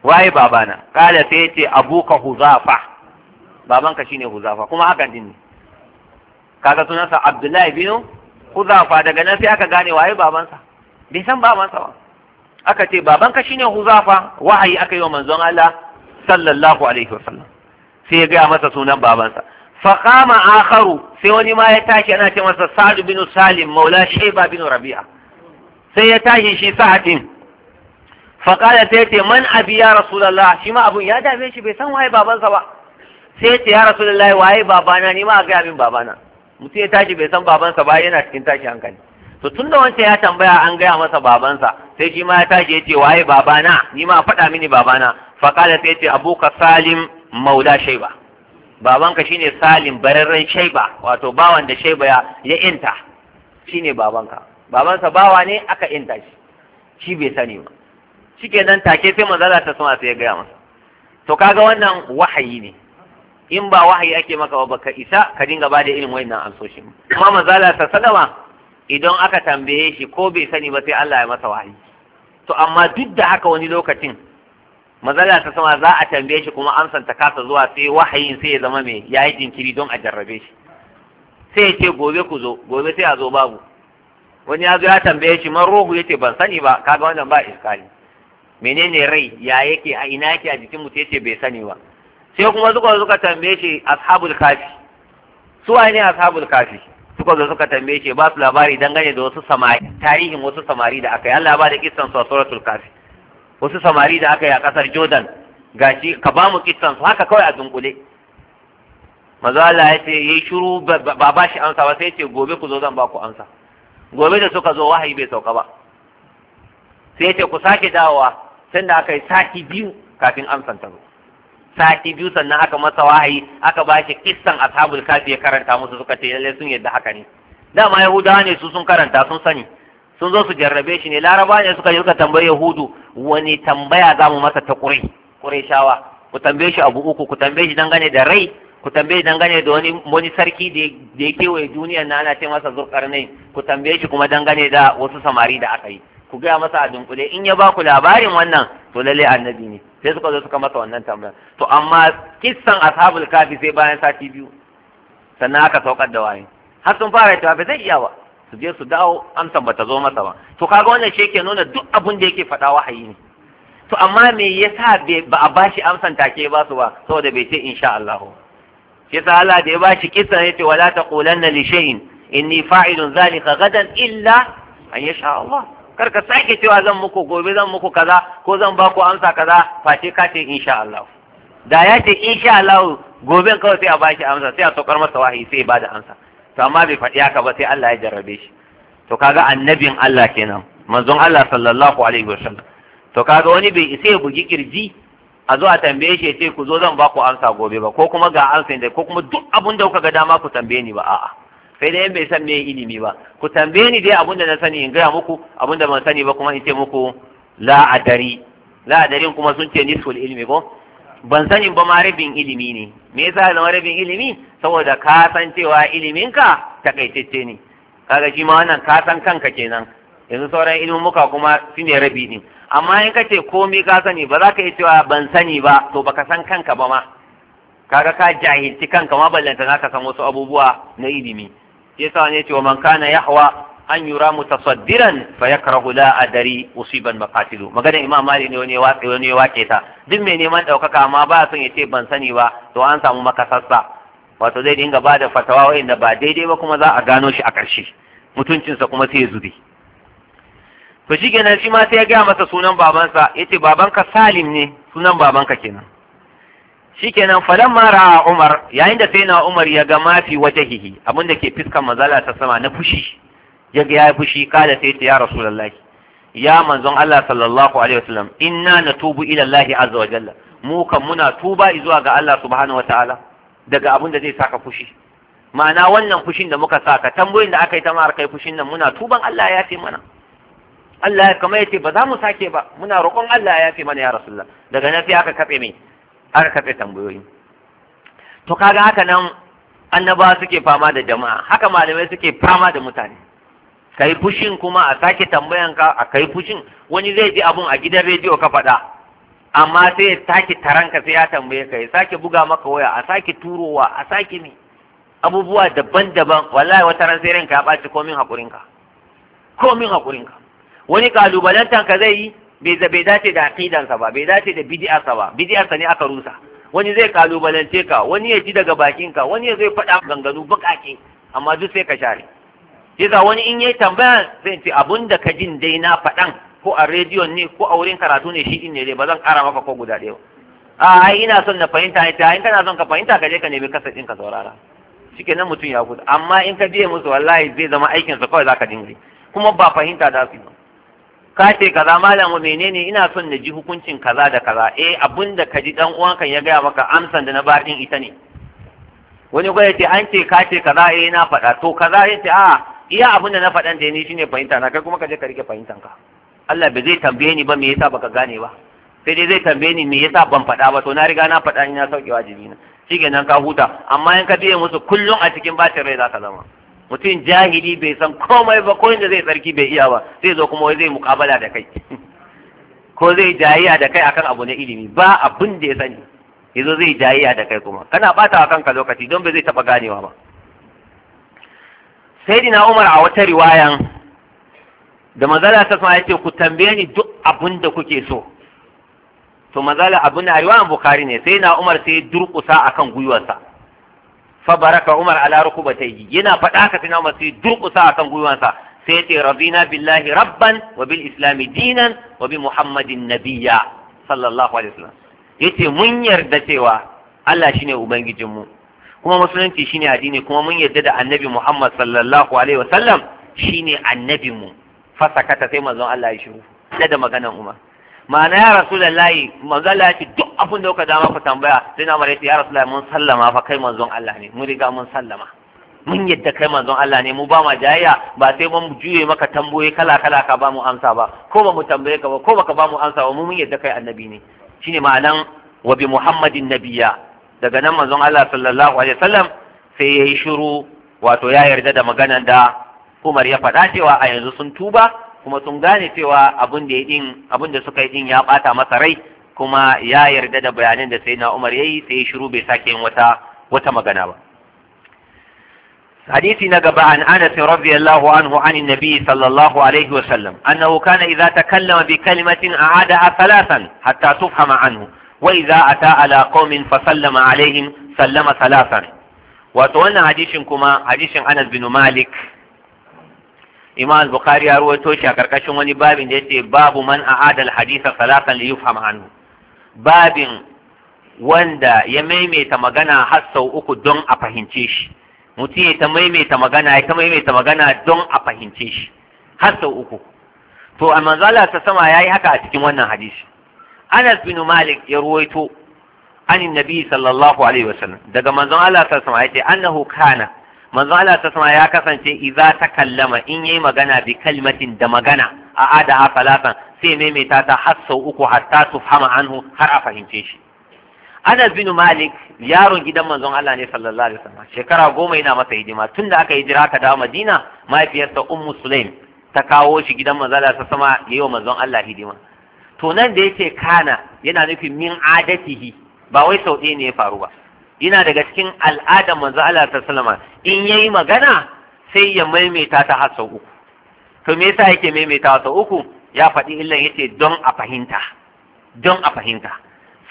waye baba na kala sai ya ce abuka huzafa ka shine huzafa kuma haka din ne kaga sunansa abdullahi bin huzafa daga nan sai aka gane waye babansa bai san babansa ba aka ce babanka shine huzafa wahayi aka yi wa manzon Allah sallallahu alaihi wasallam sai ya gaya masa sunan babansa fa qama akharu sai wani ma ya tashi ana ce masa sa'd bin salim maula shayba bin rabi'a sai ya tashi shi sa'atin fa qala sai ce man abi ya rasulullah shi ma abun ya dame shi bai san waye babansa ba sai ce ya rasulullah waye babana ni ma ga min babana mutum ya tashi bai san babansa ba yana cikin tashi hankali to tun da wancan ya tambaya an gaya masa babansa sai shi ma ya tashi ya ce waye babana ni ma faɗa mini babana faƙala sai ce abuka salim maula shaiba babanka shine salim bararren shaiba wato bawan da shaiba ya ya inta shine babanka babansa bawa ne aka inta shi shi bai sani ba shike nan take sai manzala ta suma sai ya gaya masa to kaga wannan wahayi ne in ba wahayi ake maka ba ka isa ka dinga ba da irin wayannan amsoshin kuma manzala ta sallama idan aka tambaye shi ko bai sani ba sai Allah ya masa wahayi to amma duk da haka wani lokacin mazala ta sama za a tambaye shi kuma amsan ta kasa zuwa sai wahayin sai ya zama mai yayi jinkiri don a jarrabe shi sai ya ce gobe ku zo gobe sai a zo babu wani ya zo ya tambaye shi man ruhu yace ban sani ba kaga wannan ba iskali menene rai ya yake a ina yake a jikin mutum yace bai sani ba sai kuma suka suka tambaye shi ashabul kafi su ne ashabul kafi suka zo suka tambaye shi ba su labari dangane da wasu samari tarihin wasu samari da aka yi Allah ba da kissan su a suratul kafi wasu samari da aka yi a kasar Jordan gashi ka ba mu kissan su haka kawai a dunkule Maza Allah ya ce ya yi shiru ba ba shi amsa ba sai ya ce gobe ku zo zan ba ku amsa gobe da suka zo wahayi bai sauka ba sai ya ce ku sake dawowa sanda aka yi sati biyu kafin amsan ta zo sati biyu sannan aka masa wahayi aka ba shi kistan ashabul kafi ya karanta musu suka ce lalle sun yadda haka ne dama yahudawa ne su sun karanta sun sani sun zo su jarrabe shi ne laraba ne suka yi suka tambayi yahudu wani tambaya za mu masa ta ƙure ƙure shawa ku tambaye shi abu uku ku tambaye shi dangane da rai ku tambaye dangane da wani wani sarki da ya kewaye duniyar na ana ce masa zurkarnai ku tambaye shi kuma dangane da wasu samari da aka yi ku gaya masa a dunkule in ya baku labarin wannan to lalle annabi ne sai suka zo suka masa wannan tambayar to amma kissan ashabul kafi sai bayan sati biyu sannan aka saukar da wayin har sun fara cewa ba zai iya ba su je su dawo amsan bata zo masa ba to kaga wannan shi yake nuna duk abin da yake faɗa wahayi ne to amma me yasa ba a bashi amsan take ba su ba saboda bai ce insha Allah shi yasa Allah da ya bashi kissa yace wala taqulanna li shay'in inni fa'ilun zalika gadan illa an yasha Allah kar ka sake cewa zan muku gobe zan muku kaza ko zan ba ku amsa kaza face ka ce insha Allah da ya ce insha Allah gobe kawai sai a bashi amsa sai a saukar masa wahayi sai ba da amsa to amma bai faɗi haka ba sai Allah ya jarrabe shi to kaga annabin Allah kenan manzon Allah sallallahu alaihi wasallam to kaga wani bai isa ya bugi kirji a zo a tambaye shi ya ce ku zo zan ba ku amsa gobe ba ko kuma ga amsa da ko kuma duk abun da kuka ga dama ku tambaye ni ba a'a sai dai bai san me ilimi ba ku tambaye ni dai abinda na sani in gaya muku abinda ban sani ba kuma in ce muku la adari la kuma sun ce nisful ilmi ko ban sani ba ma rabin ilimi ne me yasa zama rabin ilimi saboda ka san cewa ka takaitacce ne kaga shi ma wannan ka san kanka kenan yanzu sauran ilimin muka kuma shine rabi ne amma in ka ce komai ka sani ba za ka yi cewa ban sani ba to baka san kanka ba ma kaga ka jahilci kanka ma ballanta ka san wasu abubuwa na ilimi yasa ne ce wa man kana yahwa an yura mutasaddiran fa yakrahu la adari usiban maqatilu maganar imam malik ne wani ya wani ta duk mai neman ɗaukaka? amma ba son ya ce ban sani ba to an samu makasassa wato zai dinga ba da fatawa wanda ba daidai ba kuma za a gano shi a ƙarshe mutuncinsa kuma sai ya zube to shi kenan shi ma sai ya gaya masa sunan babansa yace babanka salim ne sunan babanka kenan shikenan falan mara a umar yayin da sai na umar ya gama fi wata hihi abinda ke fiskan mazala ta sama na fushi ya ga ya fushi kada sai ta ya lallahi. ya manzon Allah sallallahu alaihi wasallam inna na tubu ilallahi azza wa jalla mu kan muna tuba zuwa ga Allah subhanahu Ta'ala daga abin da zai saka fushi ma'ana wannan fushin da muka saka tambayoyin da aka yi ta mara kai fushin nan muna tuban Allah ya ce mana Allah kamar ce ba za mu sake ba muna roƙon Allah ya ce mana ya rasulullah daga nan sai aka kafe mai aka karɓe tambayoyi to kaga haka nan annabawa suke fama da jama'a haka malamai suke fama da mutane kai fushin kuma a sake tambayan ka a kai fushin wani zai ji abun a gidan rediyo ka faɗa amma sai ya sake taranka sai ya tambaye ka ya sake buga maka waya a sake turowa a sake ne abubuwa daban-daban wallahi wata ran sai ranka ya ɓaci komin haƙurinka komin haƙurinka wani kalubalantan ka zai yi bai dace da aqidansa ba bai dace da bid'arsa ba bid'arsa ne aka rusa wani zai kalubalance ka wani ya ji daga bakinka. ka wani ya zai faɗa ganganu bukake amma duk sai ka share yasa wani in yayi tambaya zai ce abun da ka jin dai na faɗan ko a rediyon ne ko a wurin karatu ne shi din ne dai ba zan ƙara maka ko guda ɗaya a ai ina son na fahimta ne ta in kana son ka fahimta ka je ka nemi kasa ɗin ka saurara shikenan mutum ya gudu amma in ka biye musu wallahi zai zama aikinsa kawai za zaka dinga kuma ba fahimta da su ba ka ce kaza malam wa menene ina son na ji hukuncin kaza da kaza eh abinda ka ji dan uwanka ya gaya maka amsan da na baɗin ita ne wani kuma yace an ce ka ce kaza eh na faɗa to kaza yace a iya abin da na faɗan da ni shine fahimta na kai kuma ka je ka rike fahimtan ka Allah bai zai tambaye ni ba me yasa baka gane ba sai dai zai tambaye ni me yasa ban faɗa ba to na riga na faɗa ni na sauke wajibi na nan ka huta amma in ka biye musu kullum a cikin bacin rai zaka zama mutum jahili bai san komai ba ko inda zai tsarki bai iya ba zai zo kuma zai mukabala da kai ko zai jayiya da kai akan abu na ilimi ba abin da ya sani yazo zai jayiya da kai kuma kana bata kanka lokaci don bai zai taba ganewa ba na Umar a wata riwayan da mazala ta sama yace ku tambaye ni duk abin da kuke so to mazala abu na riwayan Bukhari ne sai na Umar sai durkusa durƙusa akan gwiwarsa fa baraka umar ala yi. yana faɗa ka sai umar sai a akan gwiwansa sai ce rabina billahi rabban wa bil islami dinan wa bi muhammadin nabiya. sallallahu alaihi wasallam yace mun yarda cewa Allah shine ubangijinmu kuma musulunci shine addini kuma mun yarda da annabi Muhammad sallallahu alaihi wasallam shine annabinmu fasakata sai manzon Allah ya shiru da da maganan Umar ma'ana ya rasu da layi magana ce duk abin da kuka dama ku tambaya sai na mara ya rasulullahi mun sallama fa kai manzon Allah ne mun riga mun sallama mun yadda kai manzon Allah ne mu ba ma jayayya ba sai mun juye maka tamboye kala kala ka ba mu amsa ba ko ba mu tambaye ka ba ko baka ba mu amsa ba mu mun yadda kai annabi ne shine ma'anan wa bi muhammadin nabiyya daga nan manzon Allah sallallahu alaihi wasallam sai yayi shiru wato ya yarda da maganan da Umar ya faɗa cewa a yanzu sun tuba kuma sun gane cewa abin da ya din abin da suka yi din ya bata masa rai kuma ya yarda da bayanin da sayyidina Umar yayi sai shiru bai sake yin wata wata magana ba حديث نقب عن أنس رضي الله عنه عن النبي صلى الله عليه وسلم أنه كان إذا تكلم بكلمة أعادها ثلاثا حتى تفهم عنه وإذا أتى على قوم فسلم عليهم سلم ثلاثا وتولى حديث كما حديث أنس بن مالك imam bukhari ya ruwaito shi a karkashin wani babin da yace babu man ahada alhadisa salatan li yufham anhu babin wanda ya maimaita magana har sau uku don a fahimce shi mutum ya ta maimaita magana ya ta maimaita magana don a fahimce shi har sau uku to a manzala ta sama ya yi haka a cikin wannan hadisi anas bin malik ya ruwaito an nabi sallallahu alaihi wasallam daga manzon Allah ta sama ya ce annahu kana manzo Allah ta sama ya kasance idza ta kallama in yayi magana bi kalmatin da magana a ada a salatan sai maimaita ta har sau uku hatta anhu har a fahimce shi Anas bin Malik yaron gidan manzon Allah ne sallallahu alaihi wasallam shekara goma yana masa hidima tunda aka yi jira ka dawo Madina mahaifiyarsa Ummu Sulaim ta kawo shi gidan manzon Allah ta sama yayi wa manzon Allah hidima to nan da yake kana yana nufin min adatihi ba wai sau ɗaya ne ya faru ba yana daga cikin al'adar manzo Allah ta sallama in yayi magana sai ya maimaita ta har sau uku to me yasa yake maimaita sau uku ya faɗi illan yace don a fahimta don a fahimta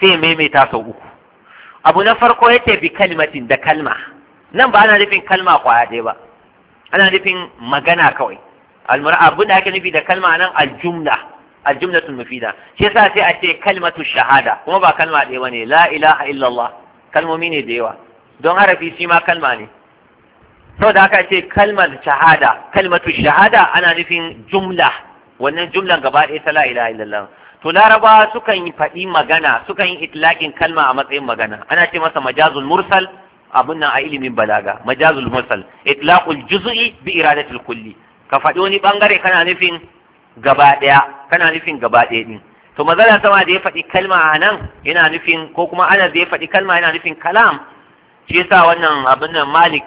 sai ya maimaita sau uku abu na farko yace bi kalmatin da kalma nan ba ana nufin kalma kwaya ɗaya ba ana nufin magana kawai almara abin da ake nufi da kalma nan aljumla aljumlatul mufida shi yasa sai a ce kalmatu shahada kuma ba kalma ɗaya bane la ilaha illallah kalmomi ne da yawa don harafi shi ma kalma ne sau da aka ce kalmar shahada kalmatu shahada ana nufin jumla wannan jumlan gaba ɗaya ta la'ila illallah to laraba sukan yi faɗi magana sukan yi itlaƙin kalma a matsayin magana ana ce masa majazul mursal abun nan a ilimin balaga majazul mursal itlaqul juz'i bi iradatul kulli ka faɗi wani bangare kana nufin gaba ɗaya kana nufin gaba ɗaya din to magana sama da ya faɗi kalma a nan yana nufin ko kuma ana da ya faɗi kalma yana nufin kalam shi yasa wannan abin nan malik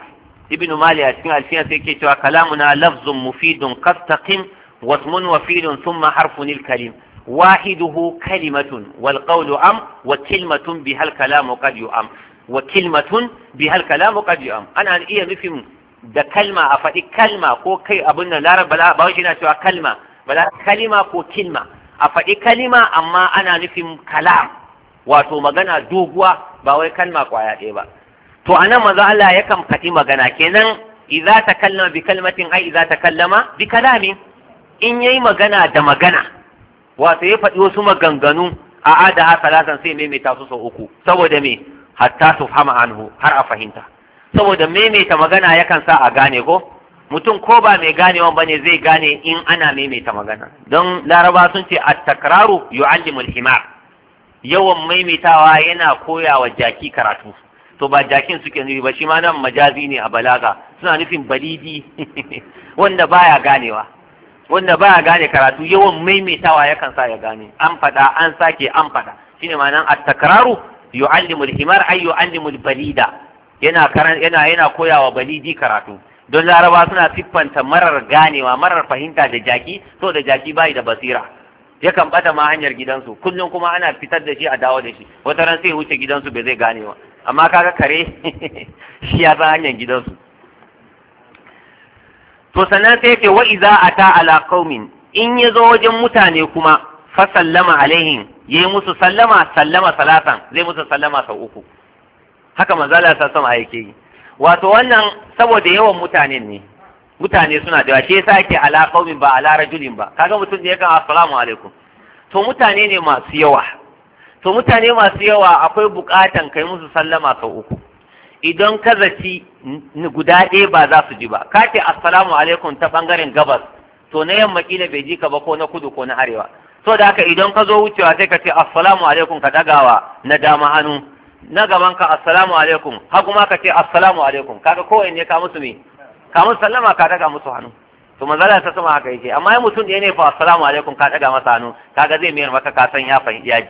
ibnu malik a cikin alfiya sai ke cewa kalamuna lafzun mufidun kastaqim wasmun wafidun thumma harfun kalim am, كلمة والقول أم وكلمة بها الكلام قد يؤم وكلمة بها الكلام قد يؤم أنا Ana iya nufin da kalma a faɗi kalma ko kai abin nan larabala shi na cewa kalma kalima ko kilma a faɗi kalima amma ana nufin kalam wato magana doguwa ba wai kalma kwaya ɗaya ba to a nan maza Allah ya kan faɗi magana kenan idza takallama bi kalmatin ai idza takallama bi kalamin in yayi magana da magana wato ya faɗi wasu maganganu a ada ha salatan sai maimaita su sau uku saboda me hatta su fama anhu har a fahimta saboda maimaita magana yakan sa a gane ko mutum ko ba mai ganewan bane zai gane in ana maimaita magana don laraba sun ce at-takraru yu'allimul himar yawan maimaitawa yana koya wa jaki karatu to ba jakin suke nufi ba shi ma nan majazi ne a balaga suna nufin balidi wanda baya ganewa wanda baya gane karatu yawan maimaitawa yakan sa ya gane an faɗa an sake an faɗa shine ma nan takraru yu'allimul himar ay yu'allimul balida yana mulbalida yana yana koyawa balidi karatu don laraba suna siffanta marar ganewa marar fahimta da jaki so da jaki bai da basira yakan bata ma hanyar gidansu kullum kuma ana fitar da shi a dawo da shi wata ran sai wuce gidansu bai zai gane ba amma kaga kare shi ya san hanyar gidansu to sannan sai ce wa iza ata ala qaumin in ya zo wajen mutane kuma fa sallama alaihim yayi musu sallama sallama salatan zai musu sallama sau uku haka manzala sa sama yake yi wato wannan saboda yawan mutanen ne mutane suna da shi yasa yake ala qaumin ba ala rajulin ba kaga mutum ne yakan assalamu alaikum to mutane ne masu yawa to mutane masu yawa akwai bukatan kai musu sallama sau uku idan ka zaci guda ɗaya ba za su ji ba ka ce assalamu alaikum ta bangaren gabas to na yamma kila bai ji ka ba ko na kudu ko na arewa so da haka idan ka zo wucewa sai ka ce assalamu alaikum ka dagawa na dama hannu na gaban ka assalamu alaikum har kuma ka ce assalamu alaikum kaga kowa ne ka musu me ka musu sallama ka daga musu hannu to manzala ta sama haka yake amma ya mutum ɗaya ne fa assalamu alaikum ka daga masa hannu kaga zai mayar maka ka san ya fahimci ya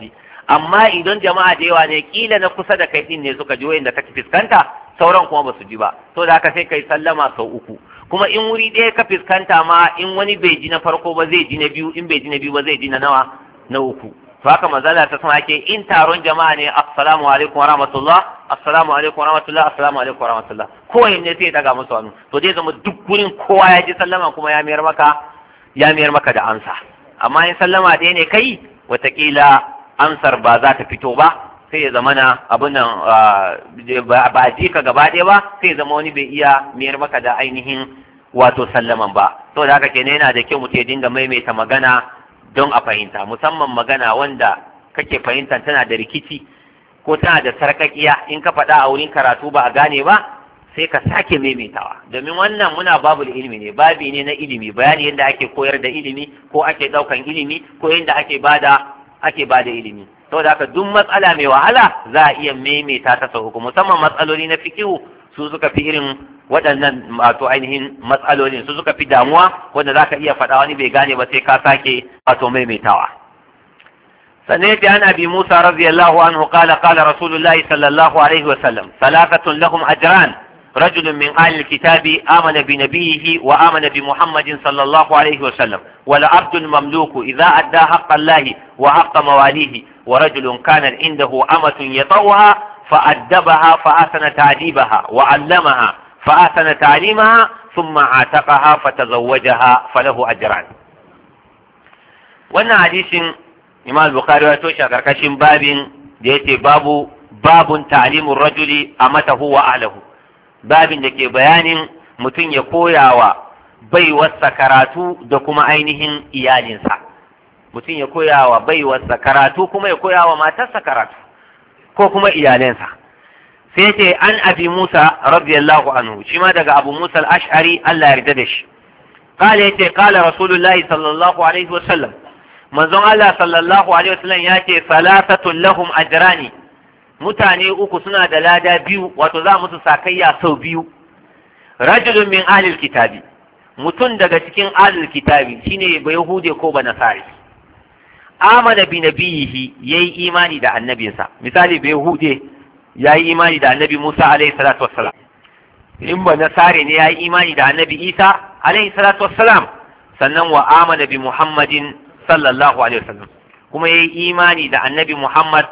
amma idan jama'a da yawa ne kila na kusa da kai din ne suka ji wayanda kake fiskanta sauran kuma ba su ji ba to da haka sai kai sallama sau uku kuma in wuri ɗaya ka fiskanta ma in wani bai ji na farko ba zai ji na biyu in bai ji na biyu ba zai ji na nawa na uku to haka manzala ta sama yake in taron jama'a ne assalamu alaikum wa rahmatullah assalamu alaikum wa rahmatullah assalamu alaikum wa rahmatullah kowanne ne sai ya daga musu hannu to zai zama duk gurin kowa ya ji sallama kuma ya miyar maka ya mayar maka da amsa amma in sallama ɗaya ne kai watakila amsar ba za ta fito ba sai ya zama na abin nan ba ji ka gaba ɗaya ba sai ya zama wani bai iya miyar maka da ainihin wato sallaman ba da haka kenan yana da kyau mutum ya dinga maimaita magana don a fahimta musamman magana wanda kake fahimta tana da rikici ko tana da sarkakiya in ka faɗa a wurin karatu ba a gane ba sai ka sake maimaitawa domin wannan muna babu ilimi ne babi ne na ilimi bayani yadda ake koyar da ilimi ko ake ɗaukan ilimi ko yadda ake bada ake bada ilimi saboda haka duk matsala mai wahala za a iya maimaita ta sauko. musamman matsaloli na fikihu su suka fi irin waɗannan wato ainihin matsalolin su suka fi damuwa wanda za ka iya faɗawa wani bai gane ba sai ka sake wato maimaitawa sannan yadda an musa radiyallahu anhu kala kala sallallahu alaihi wa sallam salakatun lahum ajran رجل من آل الكتاب آمن بنبيه وآمن بمحمد صلى الله عليه وسلم ولعبد مملوك إذا أدى حق الله وحق مواليه ورجل كان عنده أمة يطوها فأدبها فأحسن تعذيبها وعلمها فأحسن تعليمها ثم عاتقها فتزوجها فله أجران wannan hadisin imam bukhari ya toshe a karkashin babin da yake babu babun ta'limun rajuli a matahu wa ahlahu babin da ke bayanin mutum ya koyawa baiwarsa karatu da kuma ainihin iyalinsa mutum ya koyawa baiwarsa karatu kuma ya koyawa matarsa karatu ko kuma iyalansa sai yake an abi musa radiyallahu anhu shi ma daga abu musa al-ash'ari Allah ya yarda da shi قال يتي kala رسول sallallahu alaihi wa sallam?' manzon Allah sallallahu alaihi wasallam ya ce salatatun lahum ajrani mutane uku suna da lada biyu wato za musu sakayya sau biyu rajulun min ahlil kitabi mutum daga cikin ahlil kitabi shine ba yahude ko ba nasari amana bi nabiyihi yayi imani da annabinsa misali bai hude yayi imani da annabi Musa alaihi salatu wassalam in ba nasare ne yayi imani da annabi Isa alaihi salatu wassalam sannan wa amana bi Muhammadin sallallahu alaihi wasallam kuma yayi imani da annabi Muhammad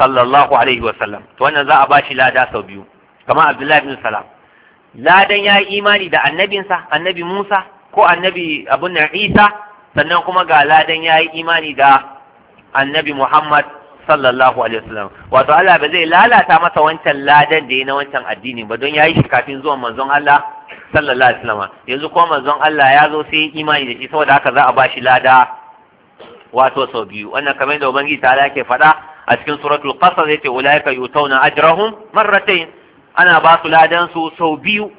sallallahu alaihi wasallam to wannan za a bashi lada sau biyu kamar Abdullahi bin Salam ladan yayi imani da annabinsa annabi Musa ko annabi abun Isa sannan kuma ga ladan ya yi imani da annabi Muhammad sallallahu alaihi wasallam wato Allah ba zai lalata masa wancan ladan da ya na wancan addini ba don ya yi shi kafin zuwan manzon Allah sallallahu alaihi wasallam yanzu kuma manzon Allah ya zo sai imani da shi saboda haka za a ba shi lada wato sau biyu wannan kamar da ubangiji ta yake faɗa a cikin suratul qasas yace ulaika yutawna ajrahum marratayn ana ba su ladan su sau biyu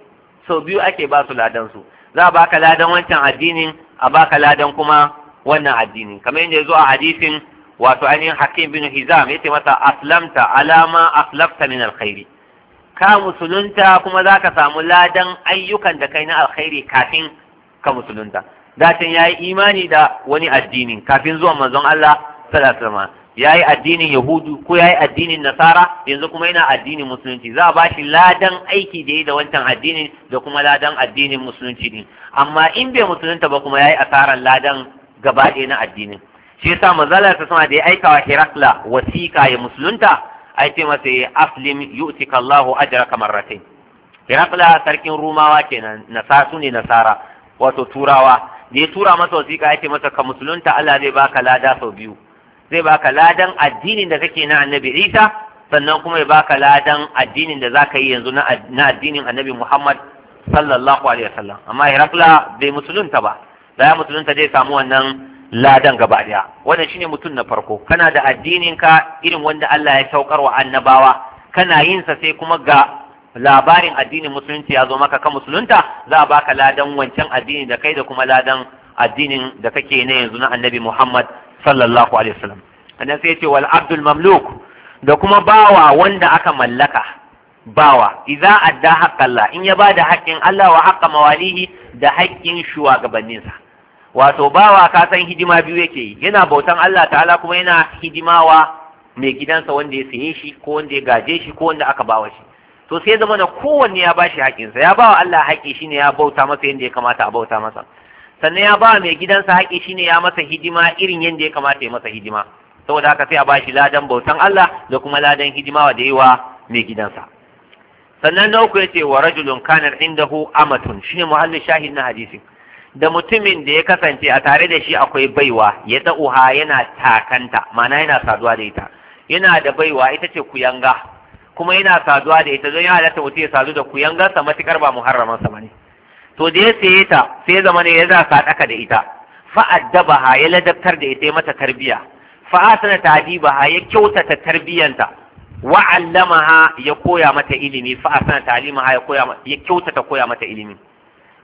sau biyu ake ba su ladan su za a baka ladan wancan addinin a baka ladan kuma wannan addini kamar yadda zo a hadisin wato ainihin hakim bin hizam yace masa aslamta alama aslafta min alkhairi ka musulunta kuma zaka samu ladan ayyukan da kai na alkhairi kafin ka musulunta datin yayi imani da wani addini kafin zuwa manzon Allah sallallahu alaihi wasallam ya yi addinin yahudu ko ya yi addinin nasara yanzu kuma yana addinin musulunci za a ba shi ladan aiki da yi da wancan addinin da kuma ladan addinin musulunci ne amma in bai musulunta ba kuma ya yi asarar ladan gaba ɗaya na addinin shi yasa mazalar ta sama da ya aika wa hirakla wasiƙa ya musulunta ai ce masa ya aslim yu'tika Allahu ajraka marratayn hirakla sarkin rumawa kenan nasa su ne nasara wato turawa da ya tura masa wasiƙa ya ce masa ka musulunta Allah zai baka lada sau biyu zai baka ladan addinin da kake na annabi isa sannan kuma ya baka ladan addinin da zaka yi yanzu na addinin annabi muhammad sallallahu alaihi wasallam amma hirakla bai musulunta ba da musulunta zai samu wannan ladan gaba daya wannan shine mutum na farko kana da addinin ka irin wanda Allah ya saukar wa annabawa kana yin sa sai kuma ga labarin addinin musulunci ya zo maka ka musulunta za a baka ladan wancan addini da kai da kuma ladan addinin da kake na yanzu na annabi Muhammad sallallahu alaihi wasallam annan sai yace wal abdul mamluk da kuma bawa wanda aka mallaka bawa idza adda haqqalla in ya bada haƙƙin Allah wa haqqa mawalihi da haƙƙin shugabanninsa wato bawa ka san hidima biyu yake yana bautan Allah ta'ala kuma yana hidimawa mai gidansa wanda ya saye shi ko wanda ya gaje shi ko wanda aka bawa shi to sai zama na kowanne ya bashi haƙinsa ya bawa Allah haƙi shine ya bauta masa yadda ya kamata a bauta masa sannan ya ba mai gidansa haƙi shine ya masa hidima irin yadda ya kamata ya masa hidima saboda haka sai a bashi ladan bautan Allah da kuma ladan hidima wa da yi wa mai gidansa sannan na uku yace wa rajulun kana indahu amatun shine muhallin shahid na hadisin da mutumin da ya kasance a tare da shi akwai baiwa ya da'uha yana takanta ma'ana yana saduwa da ita yana da baiwa ita ce kuyanga kuma yana saduwa da ita don ya halatta mutum ya sadu da kuyangarsa matukar ba muharramansa ba ne to da ya saye ta sai zama ne ya za daka da ita ha ya ladabtar da ita ya mata tarbiya fa'asana ha ya kyautata tarbiyanta wa allamaha ya koya mata ilimi fa'asana ha ya koya ya kyautata koya mata ilimi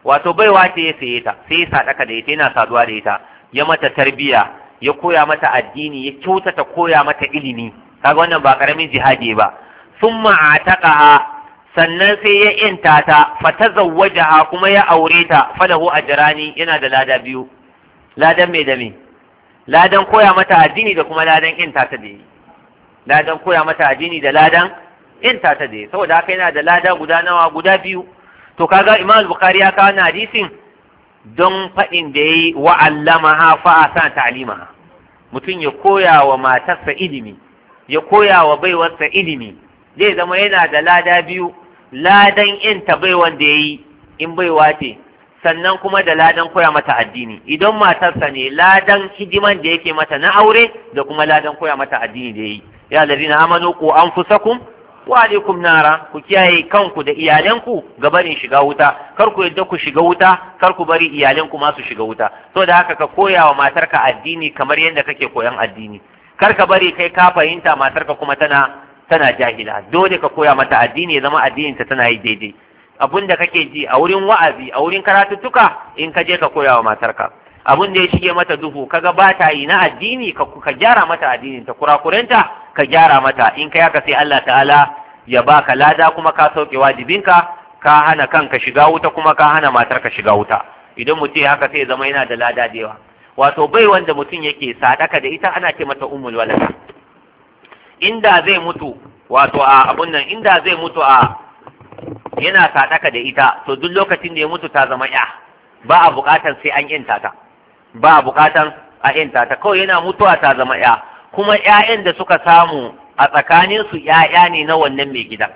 wato baiwa ce ya saye ta sai ya sadaka da ita yana saduwa da ita ya mata tarbiya ya koya mata addini ya kyautata koya mata ilimi kaga wannan ba karamin jihadi ba summa ataqaha sannan sai ya inta ta fatazawwajaha kuma ya aure ta falahu ajrani yana da lada biyu ladan mai da me ladan koya mata addini da kuma ladan inta ta da ladan koya mata addini da ladan inta ta da saboda haka yana da lada guda nawa guda biyu to kaga imam bukhari ya kawo hadisin don faɗin da ya yi fa fa'asan ta'lima mutum ya koya wa matarsa ilimi ya koya wa baiwarsa ilimi zai zama yana da lada biyu ladan in ta bai wanda ya yi in bai wace sannan kuma da ladan koya mata addini idan matarsa ne ladan hidiman da yake mata na aure da kuma ladan koya mata addini da yi ya ladina An ku anfusakum wa alaikum nara ku kiyaye kanku da iyalanku ga barin shiga wuta kar ku yadda ku shiga wuta kar ku bari iyalanku ma su shiga wuta to da haka ka koya wa matarka addini kamar yadda kake koyan addini kar ka bari kai ka fahimta matarka kuma tana tana jahila dole ka koya mata addini ya zama addinin ta tana yi daidai abun da kake ji a wurin wa'azi a wurin karatuttuka in ka je ka koya wa matarka abun da ya shige mata duhu kaga ba ta yi na addini ka ka gyara mata addinin ta kurakurenta ka gyara mata in ka yaka sai Allah ta'ala ya baka lada kuma ka sauke wajibinka ka hana kanka shiga wuta kuma ka hana matarka shiga wuta idan mutum ya haka sai zama yana da lada da yawa wato bai wanda mutum yake sadaka da ita ana ce mata ummul walada inda zai mutu wato a abun nan inda zai mutu a yana sadaka da ita to duk lokacin da ya mutu ta zama ya ba a bukatar sai an yanta ta ba a bukatar a yanta ta kawai yana mutuwa ta zama ya kuma ƴaƴan da suka samu a tsakanin su ƴaƴa ne na wannan mai gidan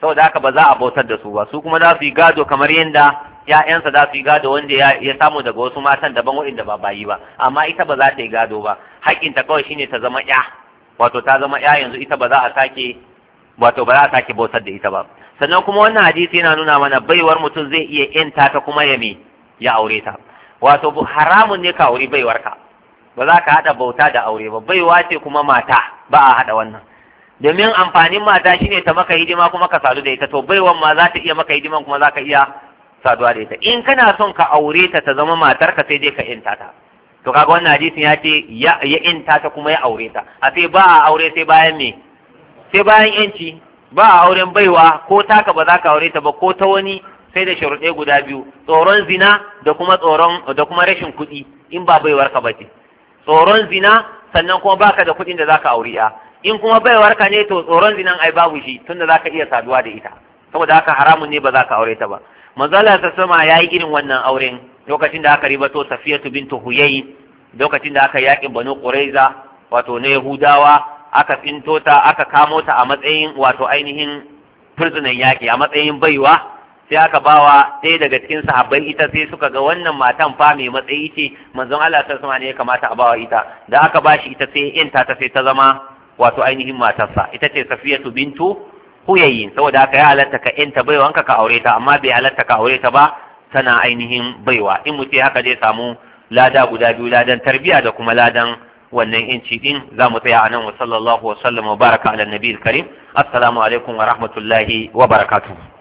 saboda haka ba za a bautar da su ba su kuma za su yi gado kamar yadda ƴaƴansa za su yi gado wanda ya samu daga wasu matan daban wa'inda ba bayi ba amma ita ba za ta yi gado ba haƙƙinta kawai shine ta zama ƴa wato ta zama ya yanzu ita ba za a sake wato ba za a sake bautar da ita ba sannan kuma wannan hadisi yana nuna mana baiwar mutum zai iya yanta ta kuma ya me ya aure ta wato haramun ne ka aure baiwarka ba za ka haɗa bauta da aure ba baiwa ce kuma mata ba a haɗa wannan domin amfanin mata shine ta maka hidima kuma ka sadu da ita to baiwan ma za ta iya maka hidiman kuma za ka iya saduwa da ita in kana son ka aure ta ta zama matarka sai dai ka yanta ta to kaga wannan hadisin ya ce ya inta ta kuma ya aure ta a sai ba a aure sai bayan me sai bayan yanci ba a auren baiwa ko taka ba za ka aure ta ba ko ta wani sai da sharuɗe guda biyu tsoron zina da kuma tsoron da kuma rashin kuɗi in ba baiwar ka bace tsoron zina sannan kuma baka da kuɗin da za ka aure ya in kuma baiwar ka ne to tsoron zinan ai babu shi tunda ka iya saduwa da ita saboda haka haramun ne ba za ka aure ta ba manzala ta sama yi irin wannan auren lokacin da aka ribato safiyatu bintu huyayi lokacin da aka yaƙi banu ƙuraiza, wato na yahudawa aka tsinto ta aka kamo ta a matsayin wato ainihin firzinan yaƙi a matsayin baiwa sai aka bawa ɗaya daga cikin sahabbai ita sai suka ga wannan matan fa mai matsayi ce manzon Allah sallallahu alaihi ne ya kamata a bawa ita da aka bashi ita sai in ta sai ta zama wato ainihin matarsa ita ce Safiyatu bintu Huyayi saboda aka ya halatta ka 'yanta, ta baiwanka ka aure ta amma bai halatta ka aure ta ba tana ainihin baiwa in mutum haka zai samu lada guda biyu ladan tarbiya da kuma ladan wannan inci din za mu tsaya a nan wa sallallahu wa sallam baraka ala nabiyil karim assalamu alaikum wa rahmatullahi wa barakatuh